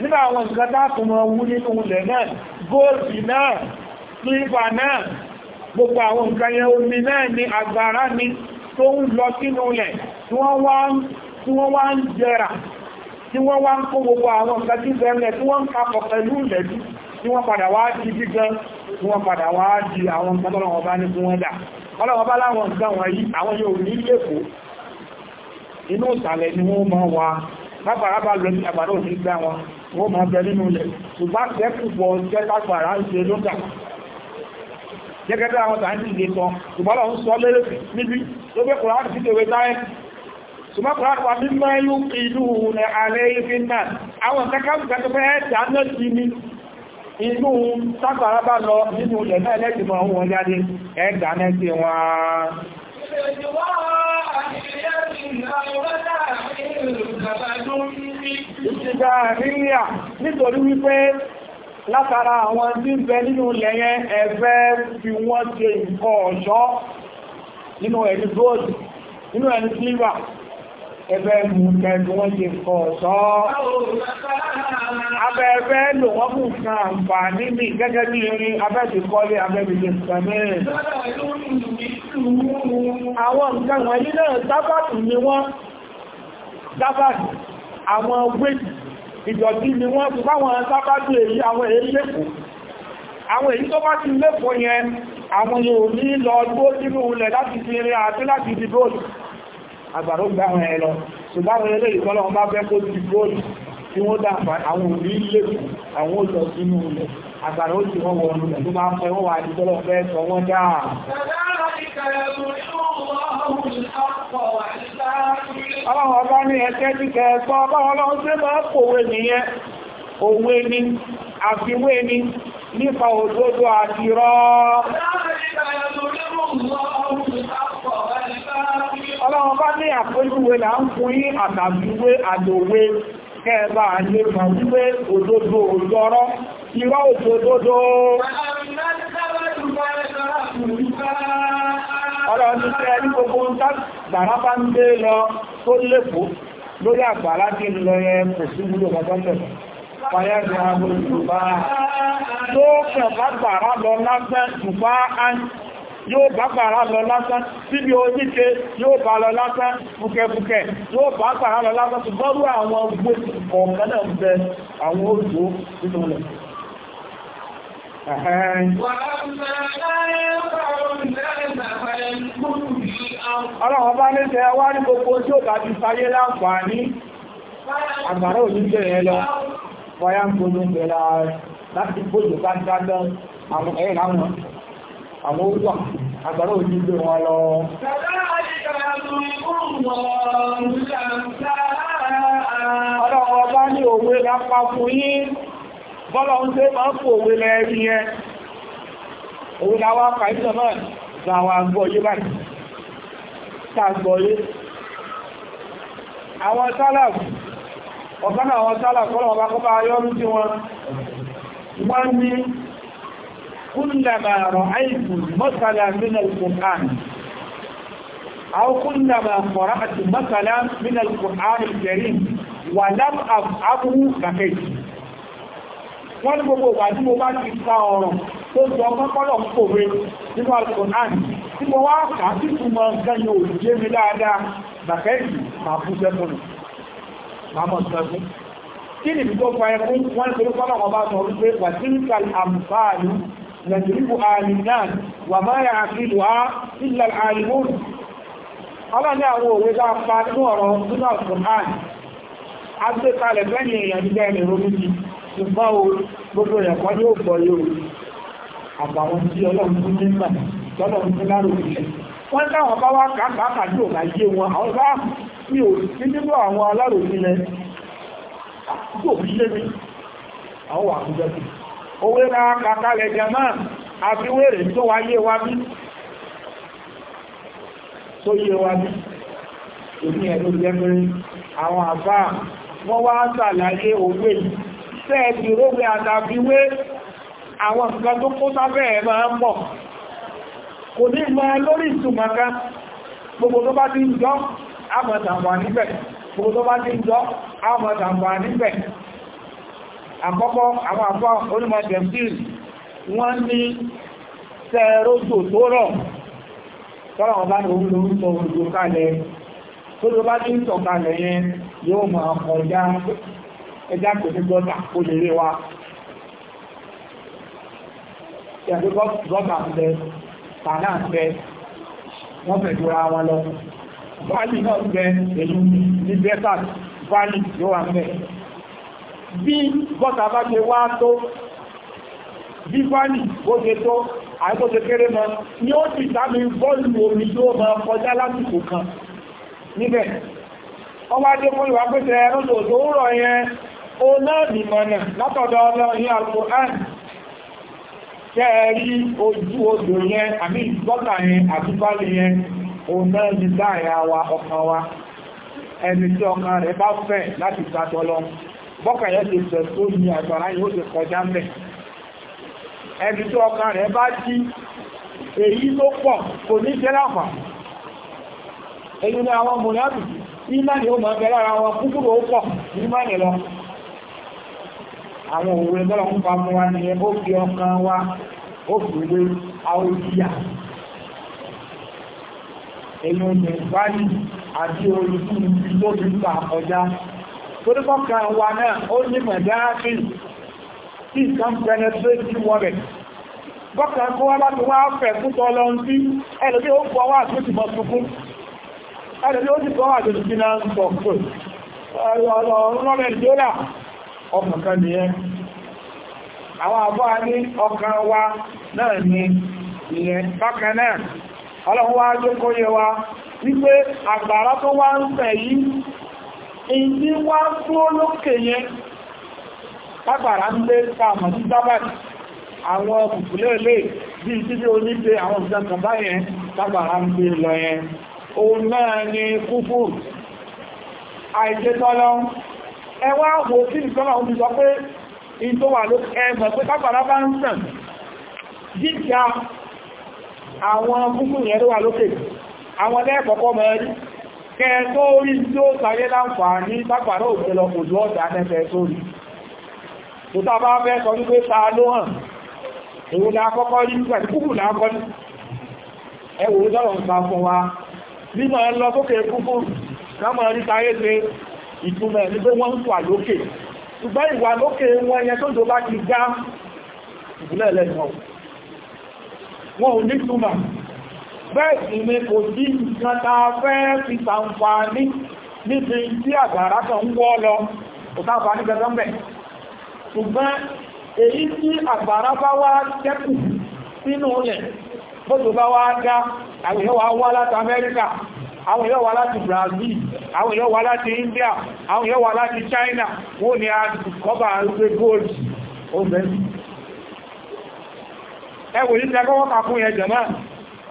nínú àwọn nǹkan dákùnmọ̀ wú nínú ilẹ̀ náà góòlì náà sílvà náà gbogbo àwọn nǹkan yẹn omi náà ni agbára ni tó ń lọ sínú ilẹ̀ tí wọ́n wá ń jẹrà tí wọ́n wá ń kó gbogbo àwọn nǹkan tí bẹ̀rẹ̀ tí wọ́n ń kapọ̀ pẹ̀lú ilẹ̀ tí wọ́n padà wá di gígan tí wọ́n padà wá di àwọn nǹkan tọ́lọ́wọ́ bá ní fún wọn dà inú ìsàlẹ̀ ni wọ́n máa wà lábàrábà lọ sí àbàrá òní gbá wọn wọ́n máa bẹ nínú ilẹ̀ ṣùgbọ́n tẹ́kùpọ̀ tẹ́kàpàrà ń ṣe lókà gẹ́gẹ́gẹ́ àwọn tàbí ìgbé kan ṣùgbọ́n lọ ń sọ lérè níbi ló fẹ́ kùránì sí ìwé táyé ṣùgbọ́n kùránì wà ní mẹ́yún ìlú ní alẹ́ ìfẹ́ náà àwọn kẹ́kẹ́ tó fẹ́ ẹ̀ẹ́dà náà ti ní inú tápàrà bá lọ nínú Ìjìdá àríyà nítorí wípé látara àwọn tí ń bẹ nínú lẹ́yẹn ẹ̀fẹ́ fi wọ́n ṣe nǹkan ọ̀ṣọ́ nínú ẹni gold, nínú ẹni silver, ẹgbẹ́ mú kẹjú wọ́n ti kọ̀ ọ̀sọ́ abẹ́ẹ̀fẹ́ lò wọ́n kù kan àǹfààní mi gẹ́gẹ́ bí irin abẹ́ẹ̀fẹ́ kọ́lé abẹ́ẹ̀fẹ́ ti kàn àwọn nǹkan wọ̀nyí náà sábàtù ni wọ́n àwọn èyí tó bá ti lẹ́kùn yẹn àwọn yóò ní lọ gbó sínú ilẹ̀ láti fi rin àti láti dìbò àgbàdo gbà wọn ẹ lọ ṣùgbọ́n àwọn eléyìí kó ti góòlù tí wọ́n dà fà àwọn òbí lẹ́kùn àwọn òjò sínú ilẹ̀ àgbàdo òjò wọn wọ ọdún tó máa fẹ́ wọ́n wà ní fẹ́ sọ wọ́n dà. ọlọ́run ọba Ọlọ́run bá ní àpéjúwe là ń fún yín àtàbíwé àdòwe kẹba àyè mọ̀ wípé òdodo òjọ́rọ́, irọ́ òdodo. Ọlọ́run ti fẹ́ ní gbogbo ń tá gbàrá bá ń gbé lọ tó lépo lórí àgbàrá tí ń lọ yẹn kò sí wúlò mọ́tọ́tẹ̀ yóò bá pàrá lọ lásán síbi oníke yóò bá lọ lásán fúkẹfúkẹ yóò bá pàrá lọ lásán tó bọ́rú àwọn gbé ọ̀kan náà bẹ àwọn òjò nínú rẹ̀ Ọlọ́run bá ní tẹ wá ní gbogbo tí ó bá ti láǹfààní àgbàrá rẹ̀ lọ, àwọn olùwà àgbàrá òní ilé wọn lọ ọlọ́wọ́ bá ní òwe lápá fún yí bọ́lọ̀ ń tẹ́ máa ń fò òwe lẹ́rí ẹ òwe láwá kàíṣẹ́ náà láwọn agbóyé báyìí tàgbóyé àwọn àwọn sálàbù ọlọ́wọ́ كلما رأيت مثلا من القرآن أو كلما قرأت مثلا من القرآن الكريم ولم أفعله بكيت wọ́n ní gbogbo ìgbà tí mo bá ti ka ọ̀rọ̀ tó jọ mọ́kọ́lọ̀ kòwe nínú Al-Qur'an tí mo wá kà sí túnmọ̀ nǹkan yóò jẹ́ mi dáadáa bàkẹ́ẹ̀kì máa fún sẹ́fọ́nù máa sẹ́fún kí ni bí tó fa ẹkún wọ́n ní pẹ̀lú kọ́lọ̀ ọba sọ wípé wàtíńkà àmfààní يجربها للناس وما يعقلها إلا العالمون ọlọ́run ní àwọn òwe bá pa ní ọ̀rọ̀ nínú ọ̀sùnmáàì a gbé kalẹ̀ bẹ́yìn èèyàn ní bẹ́ẹ̀ lèrò méjì ṣùgbọ́n o wọ́n wá wọn àwọn nínú àwọn lé àwọn owó náà kàkàlẹ̀ jẹmọ́ àti wèrè tó wá yé wa bí tó yé wa bí èmi ẹ̀lú jẹ́mẹ́rin àwọn àbá wọ́n wá sàlàyé òwe sẹ́ẹ̀dì rógbé àtàbíwé àwọn nǹkan tó kó sábẹ́ ẹ̀ máa ń pọ̀ kò ní mọ́ lórí ìtumọ̀ká gbogbo tó bá ti ń jọ àmọ̀tàmọ̀ gbogbo níbẹ̀ àkọ́kọ́ àwọn àfá onímọ̀ jẹ̀mdìl wọ́n ní sẹ́ẹ̀rọ́jò tó rọ̀ tọ́rọ̀ ọba ní orí lórí sọ òjò kalẹ̀ tó ló bá ní sọ kalẹ̀ yẹn yóò máa kọjá ẹjá kò ní gọ́ta kó lè rí wa ìyàgbé gọ́ta ń bẹ tàná ń bẹ wọ́n fẹ̀ jura wọn lọ báàlì náà ń bẹ èyí ní bẹ́tà báàlì yóò wà ń bẹ bí bọ́ta bá ṣe wá tó bí fánì bó ṣe tó ni ó ti bọ́ọ̀lù omi tó mọ́ kọjá lásìkò kan níbẹ̀ ọwá dé fún ìwà pẹ́sẹ̀ ẹ̀rọ́dò tó yẹn ó náà nìmọ̀nà látọ̀dọ̀ ọlọ́rin yẹn yẹn ní dáàrin wa wa ẹni tí ọkàn rẹ̀ bá fẹ́ bọ́kà yẹn ti sẹ̀ tó ní àgbàrá yóò ti kọjá mẹ́ ẹni tó ọkàn rẹ̀ bá jí èyí tó pọ̀ kò ní jẹ́ láfà èyí ni àwọn mùnàbì ìmáni ó máa bẹ̀rẹ̀ ara wọn kúkúrò ó pọ̀ ìmáni lọ àwọn òwe mọ́lọ̀ ń pa wa ní ó fi ọkàn wa ó fi wé àwòdíyà èyí ò ní ìbáyìí àti olùkú ló fi ń pa ọjà torí kọ́kà wà náà ó ní mẹ̀dáàfí tí nǹkan penetrate wọ́n rẹ̀ kọ́kà kó wá láti wá fẹ̀ púpọ̀ lọ sí ẹlẹ́bí ó pọ̀ wá àti mọ̀ tukún ẹlẹ́bí ó ti pọ̀ wá àti sí náà ń pọ̀ pẹ̀ ọlọ́run wá jókòó ìdí wá dúró lókè yẹn pápára ń lé sáàmọ̀ sí sábàtì àwọn bùbùlẹ̀ lè bí títí onígbé àwọn ìjọkan báyẹn pápára ń gbé lọ yẹn òun náà ni kúfù àìjẹ́tọ́lọ́ ẹwà àwò sí ìtọ́lá òun sọ pé in tó wà ló ẹgbẹ̀ pé pápára bá ń sàn jíjà àwọn kúfù yẹn ló wà lókè àwọn ẹlẹ́ẹ̀kọ́kọ́ kẹ́ẹ̀tọ́ orí tí ó sàyé láǹfààní bápàrá òjẹ́lọ òjò ọ̀dá nẹ́fẹ́ sórí tó tàbá fẹ́ sọ wípé ta ló hàn èwo ni akọ́kọ́ rí pẹ̀lú kúkù lákọ́ ní ẹwò ìjọ́rọ̀ nǹkan fún wa mímọ̀ ẹ lọ sókè kúkù kámọ̀ rí sáyé ṣe ìtumẹ̀ ní pé wọ́n ń wà lókè ṣùgbọ́n ìwà lókè wọn yẹn tó jọba ti gá ìbúlẹ̀ lẹ́nu wọn ò ní túmọ̀ bẹ́ẹ̀ sì ni kò sí nǹkan ta fẹ́ fi níbi tí àgbàrá kan ń wọ́ lọ kò sáǹfààní gẹ́gẹ́ mẹ́ ṣùgbọ́n èyí tí àgbàrá bá wá tẹ́kù sínú rẹ̀ bóso bá wá dá àwọn wá láti Amẹ́ríkà láti Brazil àwọn láti India àwọn láti China wọ́n ni a gold ẹwò náà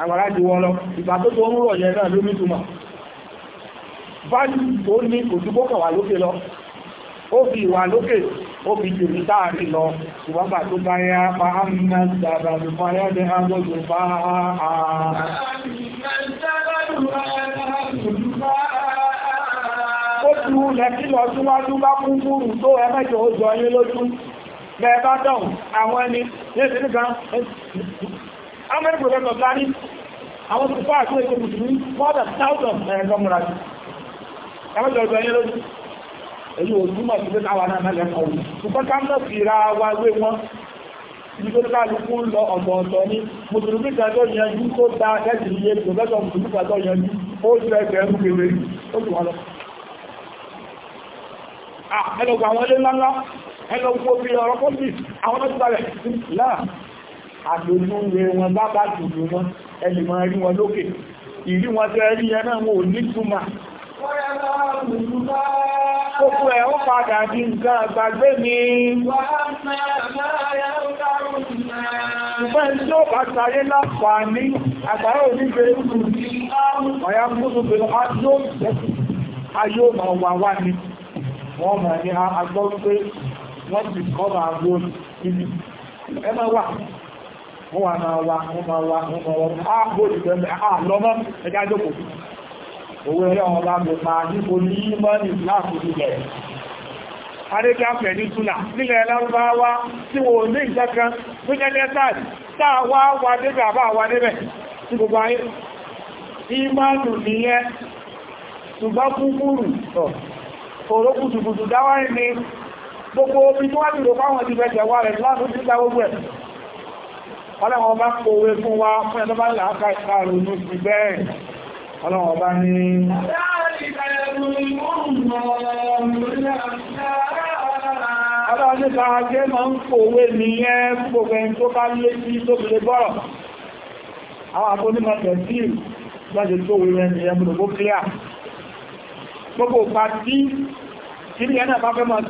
àgbàrá ju wọn lọ ìgbà tó tó ń rọ̀ yẹn náà ló ní túmọ̀ value tó ní òjúgbókàn wà lókè lọ ó fi ìwà lókè ó fi jùlọ táàrí lọ ìwọ́gbà tó bá yá pa ámìnà ìdàbàbì fayọ́dẹ̀ agbójú bá àà ó tú lẹ́kí lọ síwájú bá kún fúrù tó ẹmẹ́jọ ó jọ yé lójú bẹ́ẹ̀ bá dán àwọn ẹni ní ìsinmi gan many amẹ́rin pẹ̀lẹ́pẹ̀ láàrin àwọn tó fà àti ètò mùsùlùmí more than thousand ẹ̀rẹ́ eh, gọ́mùra Are you ọjọ́ yẹ́ lójú èyí ò túnmọ̀ sí pé káwà náà mẹ́lẹ̀ kọ̀wù ṣùgbọ́n ká mọ̀ sí ra wa wé wọn ibi tó kálukú lọ ọ̀tọ̀ọ̀tọ̀ ni mùsùlùmí gbàgbọ́ yanjú tó dá ẹ̀sì iye pẹ̀lẹ́sọ̀ mùsùlùmí gbàgbọ́ yanjú ó ju ẹgbẹ̀rún kéwé ó ju wọn lọ ah, ẹlọgbà àwọn ilé ńláńlá ẹlọgbà obìnrin ọ̀rọ̀ pọ́lì àwọn ọdún balẹ̀ láà àgbòjúwe wọn bá bá jùlọ wọn ẹlì mọ́ rí wọn lókè ìrí wọn tẹ́ rí ẹ náà wọn ò ní túmà Gbogbo ẹ̀ ó padà di nǹkan àgbàgbé mi. Ìgbẹ́ tí ó bá sáyé láǹfààní àgbàrá onígbé ọ̀yá gbogbo pẹ̀lú ajó ayó ma wà wá ní. Wọ́n mọ̀ ní agbọ́n pé wọ́n ti kọ́ máa gbóòrùn ibi. Ẹ máa wà wọ́n wà máa wá wọ́n máa wá wọ́n máa wọ́n á bó ìfẹ́ mẹ́ á lọ́mọ́ ẹjá jókòó owó ẹ̀rẹ́ wọn bá mọ̀ máa níbo ní mọ́nì láti ilẹ̀ adékáfẹ́ ní túnà nílẹ̀ lárúbáwá tí wọ́n ní ìjẹ́kan tó jẹ́ lẹ́tàdì táà gbogbo ayé tó wá jùlọ fáwọn ti jẹ̀wà rẹ̀ láàrín ọlọ́run ọba kó owó fún wa fún ẹ̀tọ́ bá làákà ìparun ní ti bẹ́ẹ̀ ọlọ́run ọba ní ọlọ́run nípa ajé máa ń kó owó nìyẹn gbogbo ẹni tó bá lé sí tó fi lè bọ́rọ̀ àwọn akónímọ̀ tẹ̀síl lọ́jọ́ tó wé rẹ̀ nìyẹn gbogbo kíá gbogbo pàtí ìrìn ẹ̀nà bá fẹ́ àwọn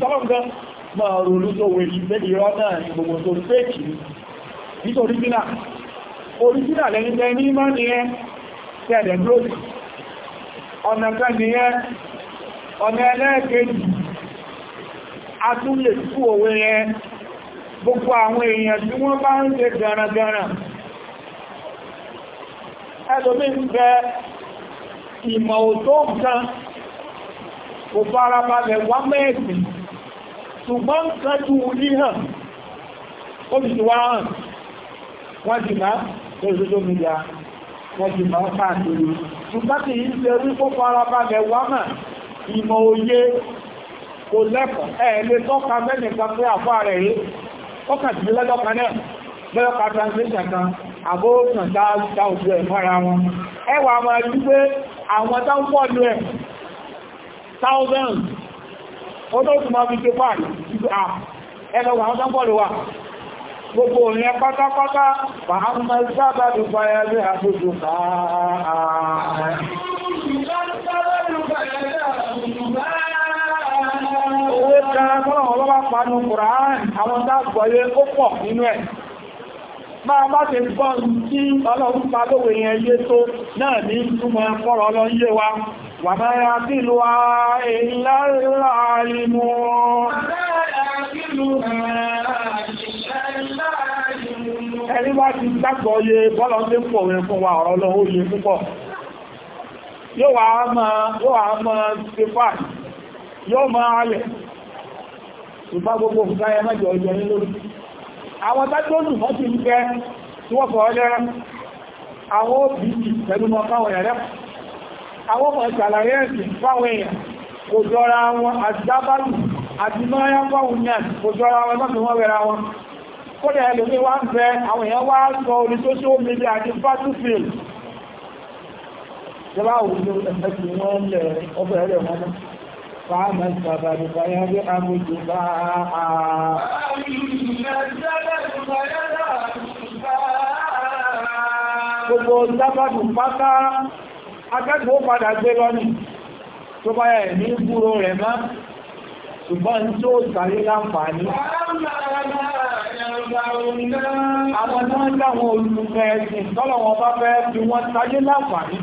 tó fi gan máa ruru tó wé ní ìrọ́ náà gbogbo tó fèkì nítorí bí náà orísìnà ní mọ́ ní ẹ́ tẹ́ẹ̀dẹ̀ bróòdì ọ̀nà kan ní ẹ́ ọ̀nà ẹlẹ́ẹ̀kejì a tún òwe ẹ gbogbo àwọn èèyàn tí wọ́n bá ń ṣe gànàgànà ṣùgbọ́n kájú ní hàn ó ti wá hàn wọ́n jì máa lóṣòṣò mídíà wọ́n jì máa káàkiri ṣùgbọ́n kì í ṣe rí kó fara balẹ̀ wá mà ìmọ̀ òye kò lẹ́kọ̀ọ́ ẹ̀ lè tọ́ka mẹ́nìkan pé àfọ́ rẹ̀ rí ọkàtìlélọ́jọ́ kan náà lọ́yọ́ka translation kan àbóòsàn dáúgbò ẹ̀ mọ́ra wọn ẹwà máa rí pé thousands ọdọ́ tó máa fi ṣe fáàrí ẹlọ́wà àwọn sánbọ̀lù wà gbogbo òyìn pátápátá fàámà sábàdù fàyàrí àtútù Owó kan tọ́lọ̀ ọlọ́wà panu Máa bá ti gbọ́n tí ọlọ́run pa lówè yé tó náà ní túnmọ̀ ẹ̀kọ́rọ̀ ọlọ́ wa وما يعقلها إلا العالمون ẹni wá ti dágbọ́ yé bọ́lọ̀ ní pọ̀ rẹ̀ fún wa ọ̀rọ̀ lọ́wọ́ yé púpọ̀ yóò wá mọ́ stefan yóò mọ́ alẹ̀ ṣùgbọ́n gbogbo ìgbáyẹ mẹ́jọ ọjọ́ ní lórí àwọn tágbóòlù mọ́ ti ń fẹ́ tí wọ́n fọ́ ọlẹ́rẹ́ àwọn òbí pẹ̀lú mọ́ káwọn ẹ̀rẹ́ àwọn ọmọ ìṣàlàyé ẹ̀sìn fáwọn èèyàn kò jọra wọn àti àti náà fáwọn èèyàn kò jọra wọn lọ́pẹ̀ wọ́n wẹ̀ra wọn kódà ẹlòmí wá ń bẹ àwọn èèyàn wá sọ orí social media àti battlefield Gbogbo pátá akẹ́kọ̀ọ́ padà gbé lọ́nì tó bá yẹ ní gbúrò rẹ̀ má ṣùgbọ́n tí ó sàrí láǹfààní àwọn tó ń dáwọn olùfẹ́ ẹ̀sìn tọ́lọ̀ wọn bá fẹ́ fi wọ́n sáyé láǹfààní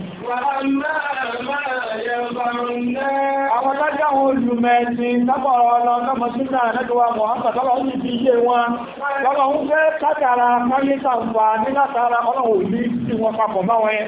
àwọn tó dáwọn olùmẹ̀ ẹ̀sìn sábọ̀rọ̀ ọlọ́ tọ́mọ sínú àrẹ́tọ́wà mọ̀hánsà tọ́lọ̀ ń fi iye wọn tọ́lọ̀ ń fẹ́ kátàrà káyé sàǹfà nílátara ọlọ́wọ̀ òní tí wọ́n papọ̀ máwọn ẹ̀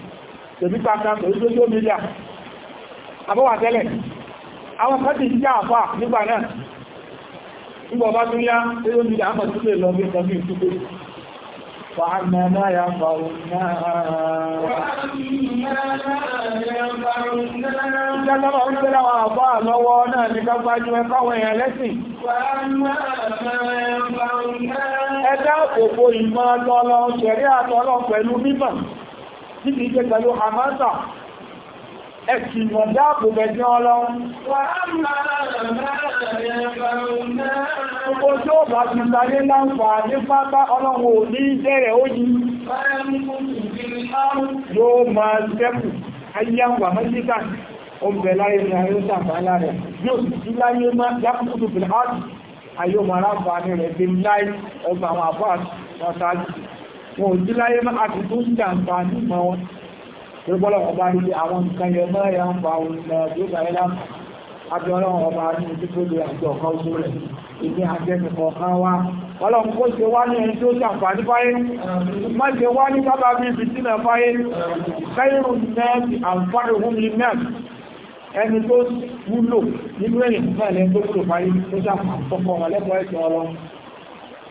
tèmi pàtàkì pẹ̀lú social media àbọ́wà tẹ́lẹ̀ àwọn kan ti jẹ́ àfà nígbà náà nígbà ọba tó yá social media àmà tó lè lọ bí nǹkan bí ìtúgbé فعما ìmọ̀ ọlọ́ọ̀ṣẹ̀rí àtọ́lọ́ pẹ̀lú mímọ̀. níbi ìjẹ́ pẹ̀lú hamasa ẹ̀kìmọ̀ dáàbò bẹ̀jẹ́ ọlọ́run Gbogbo tí ó bá ti sáré láǹfà ní pápá ọlọ́run ò ní ìjẹ́rẹ̀ ó yí. Yóò máa sẹ́kù, ayíyàwó àmẹ́síkà, ó bẹ̀ láyé ní ayé sàfà láàrẹ̀. Yóò sí láyé máa lápùpù fìlá àti ayé ọmọ aráfà ní rẹ̀ bí láì ọgbà àwọn àbá àti sáájú wọn ò sí láyé máa ti tó ń jàǹfà nígbà wọn tó gbọ́lọ̀ ọba nílé àwọn nǹkan yẹ mọ́ ẹ̀yà ń fa ohun ẹ̀ tó gbà ẹ́lá abẹ́ọ̀lọ́ ọba ní ojú tó lè àjọ ọ̀kan oṣù rẹ̀ ìdí àjẹsìkọ̀ kan wá ọlọ́run kó ṣe wá ní ẹni tó jàǹfà ní fáyé má ṣe wá nínú ẹ̀yìn fún ẹ̀lẹ́ tó tó jàǹfà tọkọ ọ̀lẹ́kọ̀ọ́ ẹ̀sìn ọlọ́run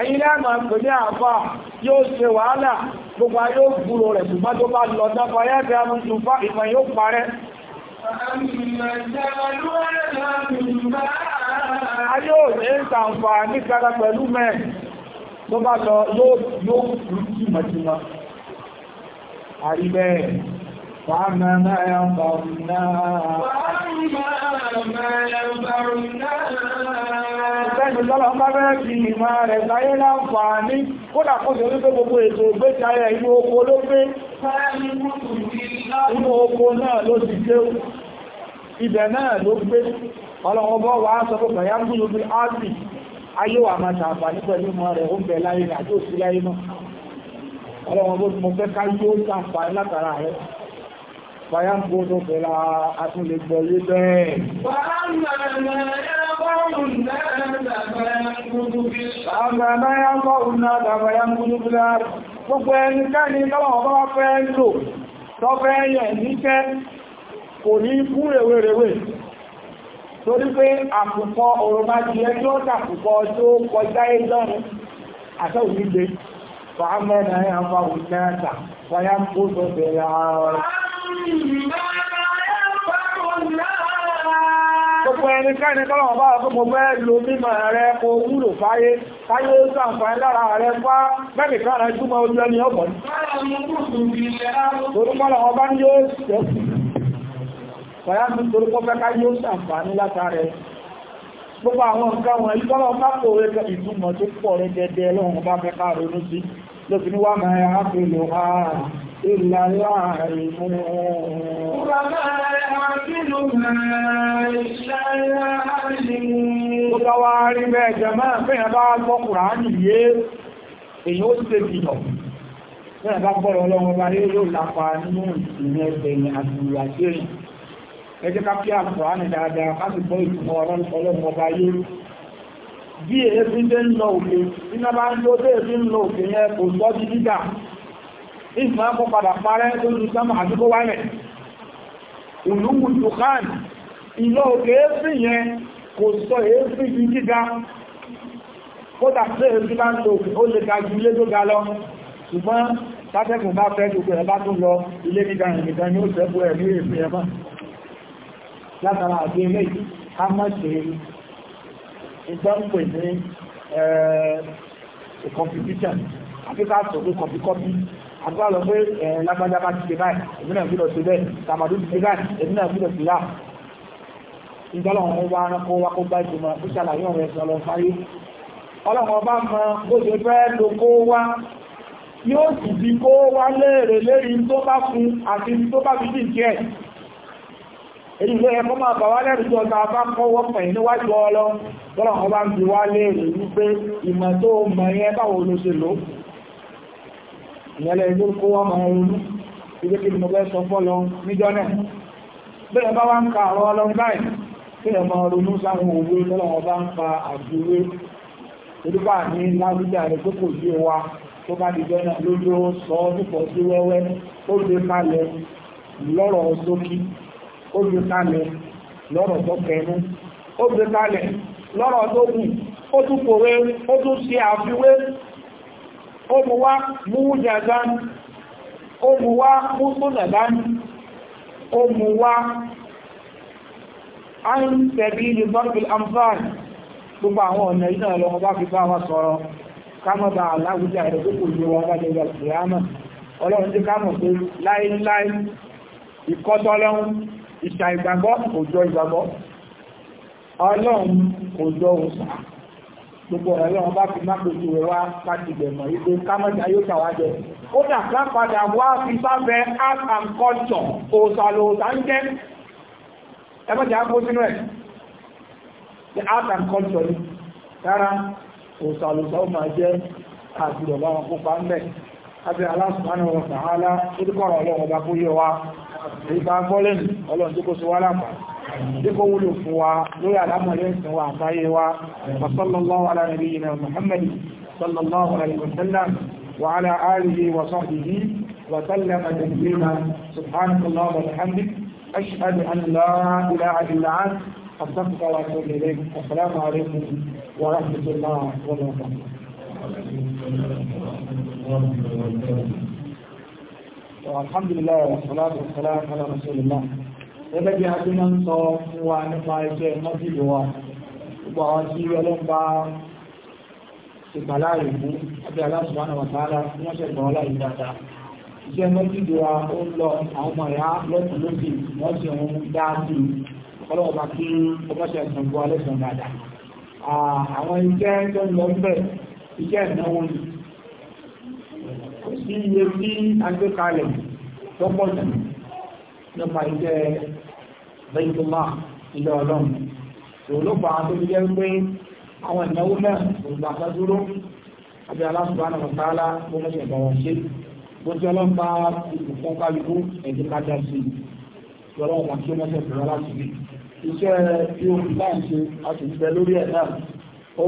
ẹ̀yin lẹ́mà pè ní àfà yóò ṣe wàhálà gbogbo ayé gbúrò rẹ̀ ṣùgbọ́n tó bá lọ dápa yẹ́bẹ̀ amúṣù fá ìfẹ́ yóò parẹ́ ayé ò ní ìtànfà ní kára pẹ̀lú mẹ́ tó bá lọ yóò فأما ما ينفعنا Ẹni lọ́lọ́ bá bẹ́rẹ̀ fi ìmọ̀ rẹ̀ láyé láǹfààní, kó dàkó jẹ́ wípé gbogbo ètò ìgbésí ayé inú oko oko náà ló ti náà ló gbé, ọlọ́wọ́ bọ́ wà á sọ ń bí ayé wà máa ṣàǹfààní pẹ̀lú rẹ̀ láyé àjò sí láyé náà. Ọlọ́wọ́ bó ti fẹ́ ká yóò ṣàǹfààní Bàyá ń gbóòdó fẹ́ra atúnlẹ̀gbọ́ yé bẹ́ẹ̀. Gbogbo ẹnikẹ́ni lọ́wọ́ bá fẹ́ lò tọ́fẹ́ yẹ̀ níkẹ́ kò ní kú rèwerèwe torí pé àkùkọ òrùnmá ti ẹ tí ó tàkùkọ tó kọjá ẹjọ́run àtẹ́ òní gbé fàámẹ́ náà yà ń fa òun náà tà wáyá ń kó sọ Gbogbo ẹni káìní tọ́lọ̀wọ̀n bá fún mo fẹ́ lo mímọ̀ ya kó wúlò fáyé, káyé ó sàǹfàní lára rẹ fá mẹ́rìnká rẹ túnmọ̀ ojú ẹni gbogbo bá إلا العالمون وما يعقلها إلا العالمون Ọjọ́ wa rí mẹ́jẹ máa fẹ́yàn bá gbọ́ Kùránì yé èyí ó ṣe kìlọ̀. Fẹ́yàn bá gbọ́rọ̀ ọlọ́run bá yé yóò lápa nínú ìsinmi ẹgbẹ̀ ni àti ìyàṣẹ́ rẹ̀. Ẹ ká kí Kùránì dáadáa ká sì gbọ́ ìtumọ̀ ọlọ́run ọba yé. Bí èéfín ìfà kó padà parẹ́ lórí sánmà àdúgbò wálẹ̀ olúwù dùkán iná òkè éfì yẹn kò sọ éfì bí gíga kódà pé èsì bá ń tó ó lè ga ju ilé tó ga lọ ṣùgbọ́n látẹ́kùn bá fẹ́ gbogbo ẹ̀ bá tún lọ ilé gíga ìrìnkan ni ó sẹ́kù ẹ̀ ní èfì ẹ̀ mọ́ látara àti ilé ká mọ́ ṣe ìgbọ́npẹ̀ ní ẹ̀ẹ́ competition àti ká sọ pé copy copy àdúrà lọ pé lágbájá bá ti ṣe báyìí èmi náà gbúdọ̀ ṣe bẹ́ẹ̀ tàmàdú ti ṣe báyìí èmi náà gbúdọ̀ ṣe láà ìjọlọ wọn wá kó wá kó gbá ìgbìmọ̀ tó ṣàlàyé ọ̀rẹ́ ìṣọ̀lọ̀ fáyé ọlọ́run ọba mọ ó ṣe fẹ́ lo kó wá yóò sì bí kó wá léèrè lérí tó bá fún àti tó bá fi dì jẹ́ èyí ló ẹ̀kọ́ máa bà wá lẹ́rù tí ọta bá kọ́wọ́ pẹ̀yìn níwájú ọlọ́ tọ́lọ̀ ọba ń fi wá léèrè wípé ìmọ̀ tó mọ̀ yẹn báwo ló ṣe lòó ìyẹlẹ̀ ilé kó wọ́n mọ̀ oòrùn ilé kí mo bẹ́ sọ fọ́lọ níjọ́ náà bẹ́ẹ̀ bá wá ń ka àrọ ọlọ́run báyìí kí ẹ̀mọ ronú sáwọn òwe tọ́lọ́wọ́ bá ń pa àjúwé olúbà ní lágbíjà rẹ̀ tó kò yé wa tó bá dìjọ́ náà lójó sọ nípọ̀ sí wẹ́wẹ́ ó gbé kalẹ̀ lọ́rọ̀ sókí ó gbé kalẹ̀ lọ́rọ̀ tó kẹnu ó gbé kalẹ̀ lọ́rọ̀ tó kù ó tún kòwé ó tún ṣe àfiwé ó mú wá mújàzán ó mú wá músùnàdán ó mú wá an tẹ̀bí ilé bọ́rùbí amfàn gbogbo àwọn ọ̀nà iná lọ́wọ́ bá fi bá wa sọ̀rọ̀ kámọ́bà aláwùjá rẹ̀ tó kò yíò wọn bá jẹ́ ìgbàlẹ̀ ọlọ́run tí kámọ̀ pé láíláí ìkọ́tọ́lọ́run ìṣà ìgbàgbọ́ kò jọ ìgbàgbọ́ ọlọ́run kò jọ òṣà gbogbo ọ̀rọ̀ lọ́wọ́ bá fi mákòókò rẹ̀ wá láti gbẹ̀mọ̀ ìgbé kámọ́jà yóò tàwá jẹ. ó dà ká padà wá fi sáfẹ́ art and culture òsàlò òsàǹjẹ́ ẹgbẹ́jà á kó sínú ẹ̀ the art and culture ni rárá òsàlò òsàlò máa jẹ́ àgbùdọ̀ bá wọn kópa ń bẹ̀ láti aláṣùmánà wọn sàhálà ó dúkọ̀rọ̀ ọlọ́wọ́ bá kó yẹ wa èyí bá ọlọ́run tó kó sí wá láǹfààní ديكو ولو فوا نيا لامولين سوا وصلى الله على نبينا محمد صلى الله عليه وسلم وعلى اله وصحبه وسلم تسليما سبحانك اللهم وبحمدك اشهد ان لا اله الا انت استغفرك واتوب اليك السلام عليكم ورحمه الله وبركاته والحمد لله والصلاه والسلام على رسول الله gẹ́gẹ́ bí a ti máa ń sọ fún wa nípa iṣẹ́ mọ́sílù wa gbogbo àwọn tí ọlọ́run bá ìpàláyè fún abẹ́ aláṣùmánà wàtàrà ní ọ̀sẹ̀ ìgbọ̀n láyé dáadáa iṣẹ́ mọ́sílù wa ó ń lọ àwọn ọmọ ìyá lọ́sùn lókè wọ́n sì ń dá sí i ọlọ́wọ́ bá kí kò sí iye tí a gbé kalẹ̀ lọ́pọ̀ jù nípa iṣẹ́ bẹ́ẹ̀tùmá ilé ọlọ́run olóòpàá tó jẹ́ pé àwọn ìnáwó náà gbogbo àtàdúró àti aláṣùbánà ọ̀tàlá bó mẹ́sẹ̀ bọ̀wọ̀ ṣe bó tí ọlọ́run bá ìbùkún kálukú ẹ̀dí kájá sí i ọlọ́run wà kí ó mẹ́sẹ̀ bọ̀wọ̀ láti rí iṣẹ́ bí o fi láì ṣe a sì bẹ lórí ẹ̀ náà ó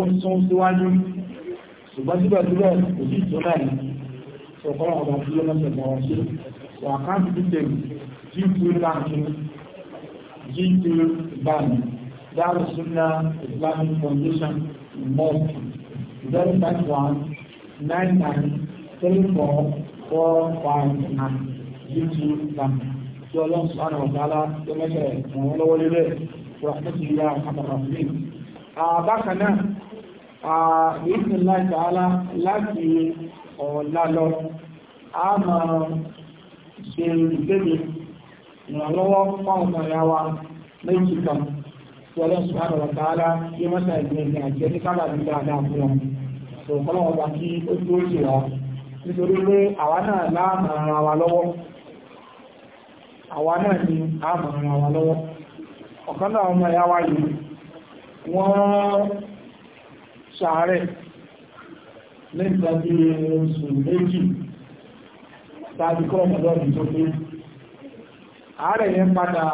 ń sún GT banking, GT bank, Darussunnah Islamic Foundation, Mosque, 091 99 GT bank. Tí ọlọ́run sọ́nà ọ̀tàlá tó mẹ́kẹ̀ ẹ̀kùn wọn lọ́wọ́ lélẹ̀, Rahmatu Ilá Àtàràfíì. Bákan náà, Bísí Láì Tààlá láti ọ̀la lọ, a máa ṣe ìgbébé ìrànlọ́wọ́ fáwọn ọmọ ìyá wa méjì kan tí ọlọ́run sùn àrọ̀ tààlà yóò mọ́ta ìgbìyànjú àjẹ́ ní sábà ní dáadáa fún wọn tó kọ́lọ́wọ́ bá kí ó tó ṣe wá nítorí pé àwa náà wa lọ́wọ́ àwa náà ni wa lọ́wọ́ ọ̀kan náà ọmọ wa yìí wọ́n ààrẹ yẹn padà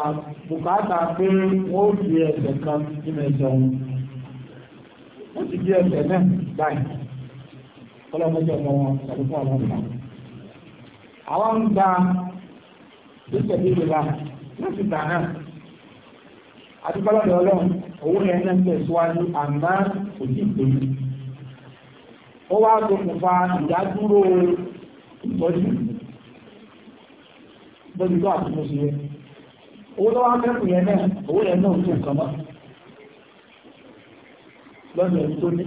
bùkátà pé wọ́n ó di ẹsẹ̀ kan nínú ẹsẹ̀ wọn wọ́n ti di ẹsẹ̀ náà báyìí ọlọ́mọdé ọmọ wọn tàbí fún àwọn ọmọ àwọn ń gba gbà náà àti ọlọ́run yẹn náà ń tẹ̀síwájú kò sí ó wá ìdádúró ìtọ́jú lójú tó àti mo sì owó tó wá yẹn náà owó yẹn náà tó nǹkan mọ́ lọ́nà ẹni tó ní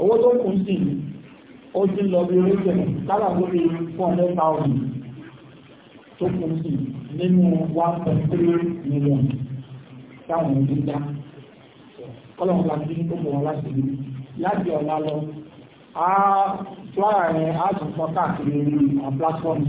owó tó kù sí ó ti lọ bí orí jẹ̀ lára tó bí four tó kù sí nínú one million táwọn ẹni dá kọ́lọ́mù láti ní gbogbo wọn láti rí láti ọ̀la lọ a tó àárín a tún fọ́ káàkiri àwọn platforms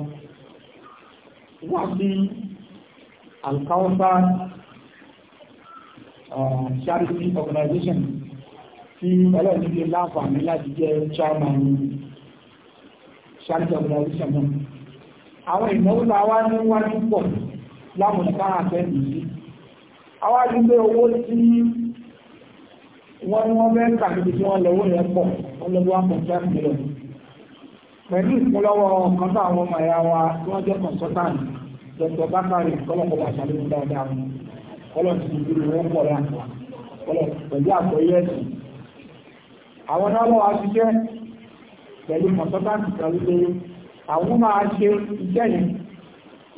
wà sí alkawusar uh, charity organization tí ọlọ́ọ̀ni lè láǹfààní láti jẹ́ chairman charity organization náà àwọn ìnáwó náà wá ní wájú pọ̀ láwọn ìkáhà fẹ́ẹ̀mì sí àwọn àdúgbò owó tí wọ́n ní wọ́n fẹ́ kàkiri tí wọ́n lọ́wọ́ yẹn pọ̀ wọ́n àpọ̀ 5 million pẹ̀lú ìpolówó kan tó àwọn ọmọ ẹ̀yà wa tí wọ́n jẹ́ consultant Dr. Bakari kọ́lọ́kọ́ bá ṣàlùmí dáadáa wọn kọ́lọ́ ti di ìlú wọn pọ̀ láàpọ̀ pẹ̀lú àkọ́yé ẹ̀sìn àwọn náà lọ́wọ́ aṣiṣẹ́ pẹ̀lú consultant kan wípé àwọn máa ṣe iṣẹ́ yẹn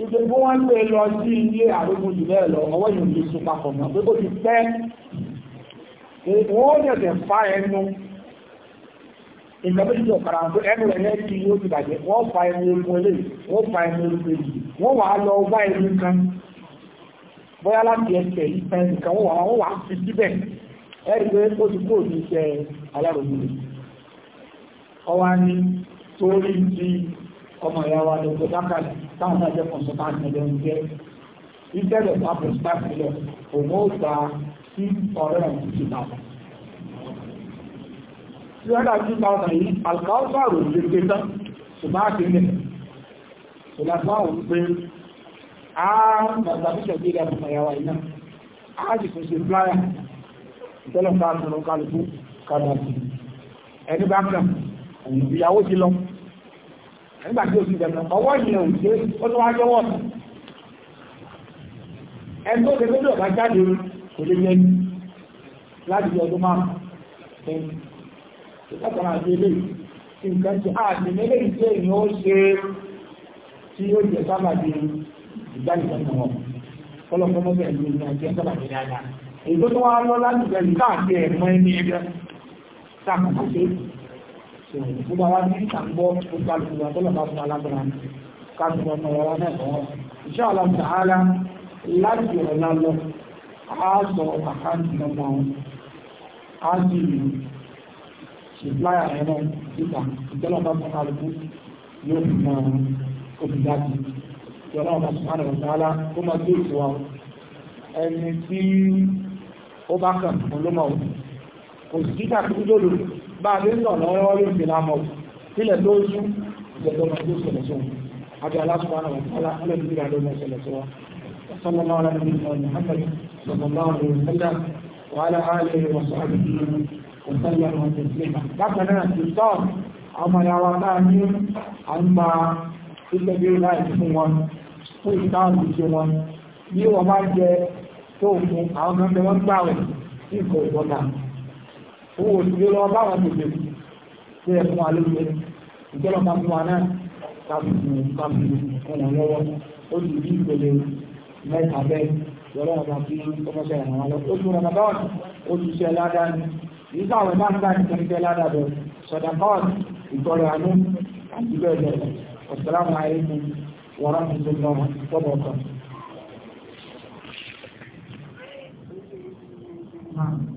ìgbè bó wọ́n pè lọ sí ilé àrógún jù bẹ́ẹ̀ lọ ọwọ́ yìí ń fi pé kó ti pẹ́ wọ́n dẹ̀dẹ̀ fa ẹnu nǹkan méjì tó fara hàn ẹnu rẹ̀ lẹ́yìn tí yóò ti bàjẹ́ wọ́n fa ẹnu orúkọ lè wọ́n fa ẹnu orúkọ èyí wọ́n wà á lọ wá ẹnu kan bóyá láti ẹsẹ̀ yìí fẹ́ nìkan wọ́n wà wọ́n wà á fi síbẹ̀ ẹ̀rí pé ó ti kó òní iṣẹ́ aláròmù rẹ̀ ọwọ́ á ní torí ti ọmọ ìyá wa lọ gbọdọ̀ káàkiri táwọn náà jẹ́ consultant ẹ̀jẹ̀ ń jẹ́ instead of apple sí tí wọ́n dá 2000 yìí alkausaro lè pé tán ṣùgbọ́n àti ilẹ̀ ṣùgbọ́n àwọn pé a màtàbíṣẹ̀ bí ìdàbí mayawa iná a sì fún sí fláyà ìtọ́lọ̀pá àtọ̀rọ̀ kálùkù kálùkù ẹni bá kàn ìyàwó ti lọ nígbà tí ó ti dẹ̀mọ̀ ọwọ́ ìyẹn òjé ó tó wá jọwọ́ ẹni tó tẹ́lẹ̀ ọ̀gá jáde kò lè yẹn láti ọdún márùn-ún látara àgbélé nǹkan tí àgbélé ìṣe ìyàn ó ṣe tí ó jẹ sábà di ìgbàlùfẹ́ wọn ọlọ́pọ̀ mọ́bẹ̀ ìlú ìrìn àjẹ́ sábà di dáadáa èyí tó wá lọ láti bẹ̀rẹ̀ káàkiri ẹ̀mọ́ ẹni ẹgbẹ́ sáàkùnkùn tó gbogbo àwọn ní ìtàǹgbọ́ gbogbo àlùkùnrin àtọ́lọ̀ bá fún alágbára káàkiri ọmọ ọ̀rọ̀ náà kọ́ iṣẹ́ ọ̀làmùsà ìpláyà rẹ̀ náà síta ìjọlọ́ba sọ́kàlùkù yóò fi mọ olùdájú ìjọlọ́ba sọ́kàlùkù sọ́kàlá ó máa gbé ìtò wa ẹni tí ó bá kàn olómọ̀ kò sí kíkà tó dòdò bá a lè ń lọ lọ́wọ́ ló fi lámọ̀ sílẹ̀ tó sú ìjọba máa tó ṣẹlẹ̀ sọ́wọ́ àbí aláṣọ àwọn ọ̀tọ́lá ọlọ́dún ìgbà ló máa ṣẹlẹ̀ صلى الله على نبينا محمد صلى الله عليه وسلم وعلى اله وصحبه òtẹ́lẹ̀ ọmọ tẹ̀sílẹ̀mà lákanáà ti sọ ọmọ yàwó náà ní àmà ìtẹ́bí láì fún wọn fún ìtààbù ṣe wọn bí wọ́n máa jẹ tó fún àwọn ọmọ wọn gbà rẹ̀ sí ìkọ̀ ìbọ̀dà owó òṣèré lọ bá wọn tètè sí ẹ̀fún alóye ìjọba bá fún wa náà kábùkù kábùkù ẹ̀nà lọ́wọ́ ó sì bí ìpele mẹ́ta bẹ́ẹ̀ yọ̀rọ̀ ọ̀dà sí ọmọṣẹ́ ìrànwọ́ lọ ó tún ọmọ báwọn ó ti ṣe ládàá ní nígbà àwọn máa ń gbà ní kẹ́kẹ́ ládàbọ̀ sọ̀dàkọ́ọ̀tì ìtọ́rẹ àánú àti bẹ́ẹ̀ bẹ́ẹ̀ ọ̀sẹ̀lámù àìkú